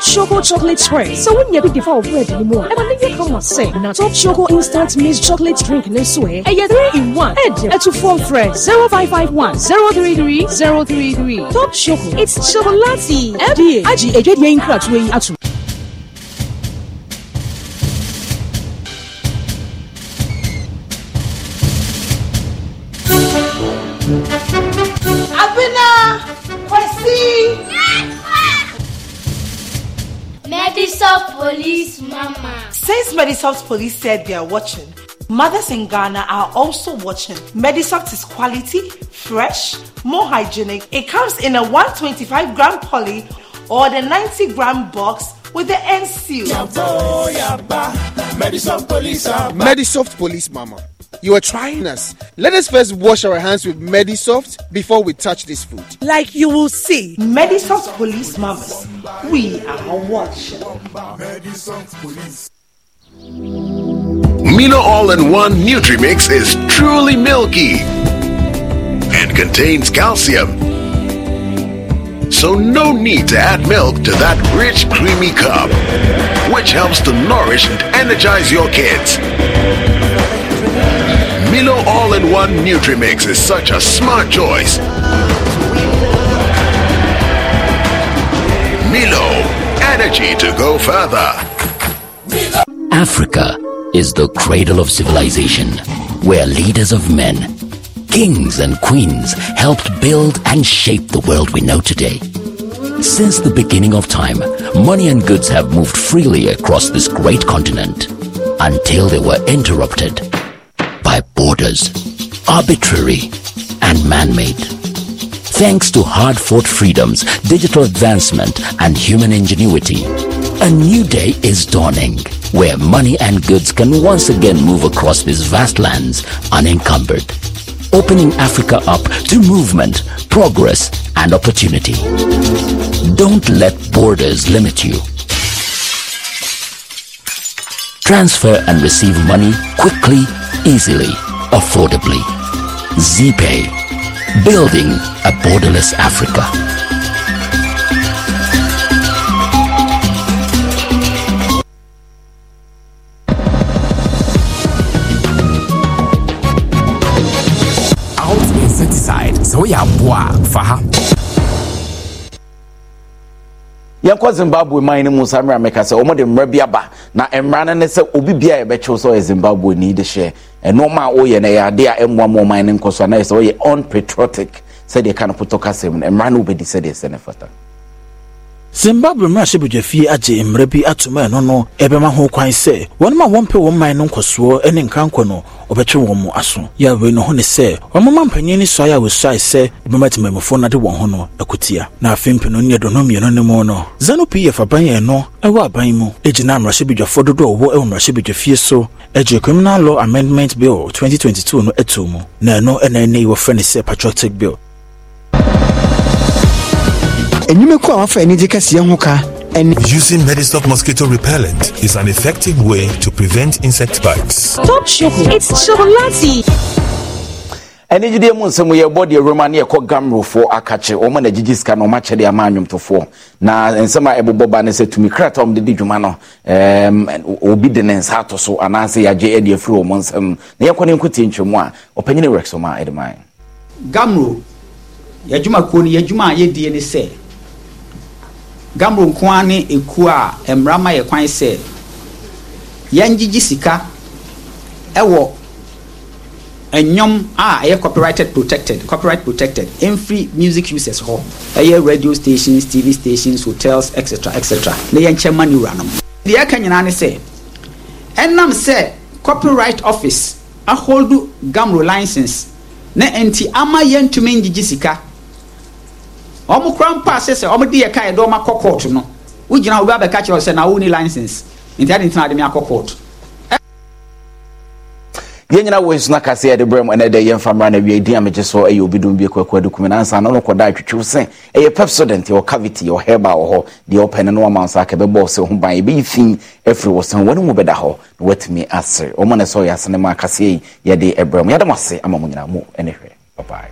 Top Choco Chocolate spread. So when you be the of bread anymore, I want to come and say, now Top Choco Instant Mixed Chocolate Drink in this way, and you three in one. And Head two four Fred 0551 033 033. Top Choco, it's chocolatey. FDA, IGA, JDA, Incrat, Way, Atu. Medisoft police said they are watching, mothers in Ghana are also watching. Medisoft is quality, fresh, more hygienic. It comes in a 125 gram poly or the 90 gram box with the end seal. Medisoft police, Medisoft police mama. You are trying us. Let us first wash our hands with Medisoft before we touch this food. Like you will see, Medisoft police mamas, we are watching. Medisoft police. Mino All-in-One Nutrimix is truly milky and contains calcium. So no need to add milk to that rich creamy cup, which helps to nourish and energize your kids. Milo All-in-One Nutrimix is such a smart choice. Milo, energy to go further. Africa is the cradle of civilization, where leaders of men, kings and queens, helped build and shape the world we know today. Since the beginning of time, money and goods have moved freely across this great continent until they were interrupted by borders, arbitrary and man-made. Thanks to hard-fought freedoms, digital advancement and human ingenuity, a new day is dawning where money and goods can once again move across these vast lands unencumbered, opening Africa up to movement, progress, and opportunity. Don't let borders limit you. Transfer and receive money quickly, easily, affordably. ZPay. Building a borderless Africa. yɛ aboa a fa ha yɛnkɔ zimbabwe man no mu sa mmerɛ meka sɛ ɔmɔde mmerɛ bi aba na mmara no ne sɛ obi bia yɛbɛkyew sɛ ɔyɛ e zimbabwe ni de hyɛ ɛnoɔma e a woyɛ no ɛyɛ ade a ɛmmoa ma ɔman no nkɔ so anayɛ sɛ woyɛ unpatriotic sɛdeɛ ka no potɔ kasɛm no mmara no wobɛdi sɛdeɛ sɛ ne fata zimbabwe mmarahyɛ badwafie agye mmerɛ bi atom a ɛno no ɛbɛma ho kwan sɛ wɔn ma wɔmpɛ wɔn man no nkɔsoɔ ne nkrankɔ no ɔbɛtwe wɔn mu aso yɛawei no ho ne sɛ ɔmoma mpanyin ne suae a wɔsuae sɛ ɛbɛma temammufoɔ no ade wɔn ho no akutia na afei mpino ne ɛdɔno mmienu no mu no zanu pii yɛfaban ɛno ɛwɔ aban mu ɛgyina mmarahyɛbadwafoɔ dodoɔ wɔwɔ wɔ mmarahyɛbadwafie so ɛgye criminal law amendment bill 2022 no ɛtoo mu na ɛno ɛna ɛnɛ yi wɔfrɛ no sɛ patriotic bill enyimeko a wafa ani kɛseɛ ho ka Using Medistop mosquito repellent is an effective way to prevent insect bites. Stop shopping. It's chocolate. ɛne gyidie mu nsɛm yɛbɔ deɛ wurama ne yɛkɔ gamrofoɔ akakye wɔma na gyigyi sika no ɔmakyɛ de ama anwomtofoɔ na nsɛm a ɛbobɔ ba no sɛ tumi krataa ɔm de di dwuma no obi de ne nsa ato so anaasɛ yɛagye ade afiri wɔ mo nsɛm na yɛkɔ ne nkotie ntwɛmu a ɔpanyine werɛksɔm a ɛde ma gamro yɛadwumakuo no yɛadwuma a yɛdie ne sɛ gamro nko ara ne ekuo a mmara ma yɛ kwan sɛ yɛngyegye sika ɛwɔ ɛnyɔm a ɛyɛ copyrighted protected copyright protected mfiri music users hɔ ɛyɛ radio stations tv stations hotels etc etc na yɛnkyɛn ma ne wura no deɛ ɛka nyinaa ne sɛ ɛnam sɛ copyright office aholdu gamro license na nti ama yɛntumi ngyegye sika ɔmo kura mpa ase sɛ ɔmo de yɛ kaa yɛ dɛ ɔmo akɔ court no wogyina obi abɛka kyerɛ sɛ na wo ni license nti adi ntina adi mi akɔ court. yɛn nyinaa wɔ nsona kaseɛ yɛde berɛ mu ɛnɛ dɛ yɛmfa mmara na awie din a megye so ɛyɛ obi dom bi akuakua dokumu nansa na no kɔda atwitwiw sen ɛyɛ pepsodent yɛwɔ cavity yɛwɔ herba wɔ hɔ deɛ ɔpɛ ne no wama nsa ka bɛbɔɔ sɛ ho ban yɛbɛyi fi afiri wɔ sɛn wɔne mu bɛda hɔ na woatumi asere ɔma ne sɛ ɔyɛ asene ma kaseɛ yi yɛde ɛberɛ mu yɛde mo ase ama mo nyinaa mu ɛne hwɛ babae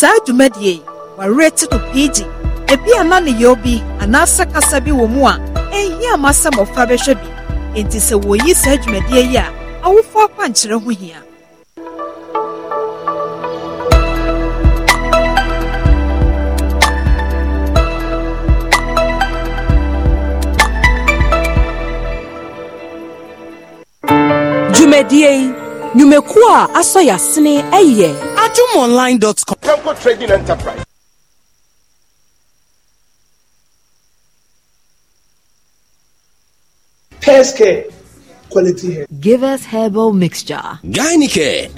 saa dwumadie yi wɔawerɛ te no piigyi ebi ana ne yɛw bi anaasɛ kasa bi wɔ mu a ɛnhia ma sɛ mmɔfra bɛhwɛ bi enti sɛ wɔyi saa dwumadie yi a awofo akwankyerɛ ho hia dwumadie yi nnwumakuo a asɔ yɛ asene ɛyɛ adom online com Local Trading Enterprise. Pesca quality hair. Give us herbal mixture. Gynike,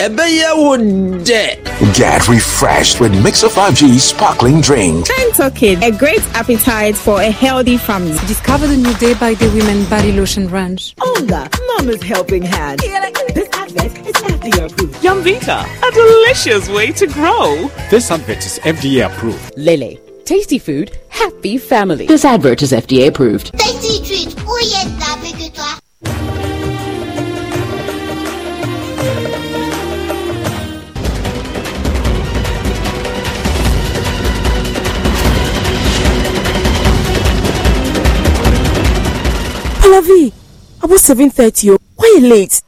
Get refreshed with Mixer 5G sparkling drink. Time talking, a great appetite for a healthy family. Discover the new Day by Day Women Body Lotion Ranch. Mom Mama's Helping Hand. This advert is FDA approved. Yumvita, a delicious way to grow. This advert is FDA approved. Lele, tasty food, happy family. This advert is FDA approved. Tasty treat, oh Alavi, about 7.30. Why are you late?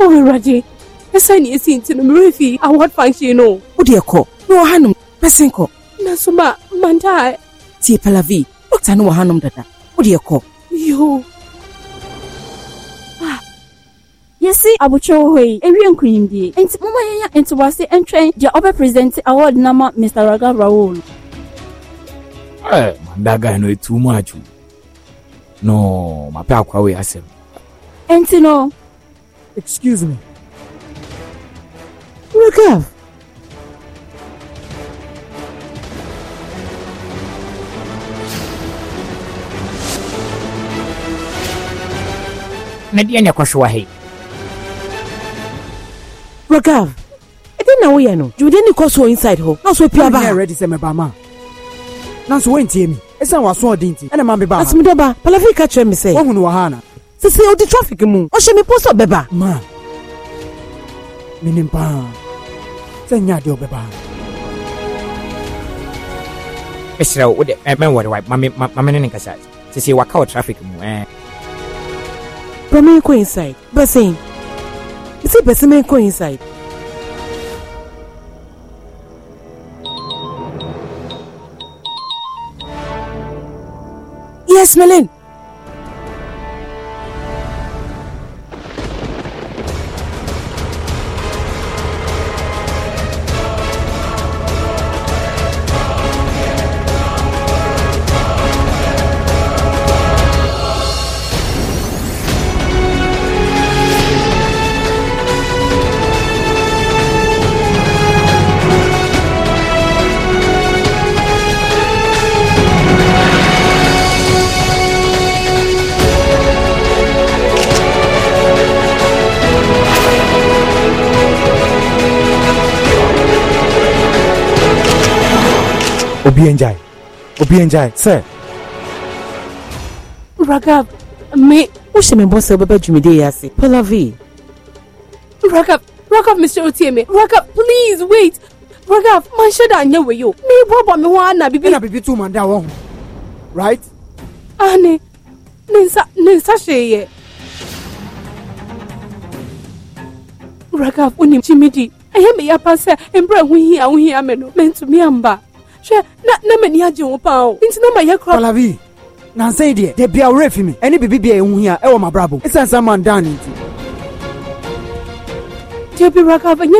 Oh, Raji, ɛsan ne ɛsi nti no merɛfi award function no wodeɛ kɔ na ɔhanom bɛsen kɔ nanso ma mantaa tie palavi dɔkta no wɔhanom dada wodeɛ kɔ yo yɛsi abotwe wɔ hɔ yi ewie nkunyimdie nti moma yɛnya ntowase ntwɛn deɛ ɔbɛpresente award nama mr raga raoul eh man that guy no too much no ma pɛ akwa wei asɛm ɛnti no excuse me Look rekav e na deɛ ne ɛkɔhwe wa hei rekav ɛdɛn na woyɛ no dwumadeɛ ne kɔ soɔ inside hɔ na ɔsɔ pia baa ready sɛ mɛbama nanso wɔntie mi ɛsiane w'asoɔden nti ɛna ma beba ha asomdɔba palafi ka kyerɛ me sɛ woahu no wɔ ha ana sese odi traffic mu ɔhyɛ me po sɛ ɔbɛba ma menim paa sɛ nyɛ adeɛ ɔbɛba ha mesrɛ wo wode eh, mɛnwɔre wa mame ne ne nkasa sese waka o traffic mu eh. bra inside bɛsɛn ɛsɛ bɛsɛ menkɔ inside Resmelin! obi enjoy obi enjoy sɛ. ragab me wohyɛ me bɔ sɛ wobɛbɛ dwumadi yi ase palavi ragab ragab mr otieme ragab please wait ragab manhyɛ da anyɛ wei o meebɔbɔ me ho ana bibi ɛna bibi too manda wɔ ho right ane ne nsa ne nsa hweeyɛ ragab wonim gyimedi ɛyɛ meyapa sɛ mbrɛ ho hia wo hia me no mentumi amba hwɛ na na m'ani agye ho pa o nti na ma yɛ kora. palabi nansa yi deɛ debi awura fi mi ɛne bibi bi a ehu hia ɛwɔ mabrabo esansan man dan ne nti. debi raka fɛ nye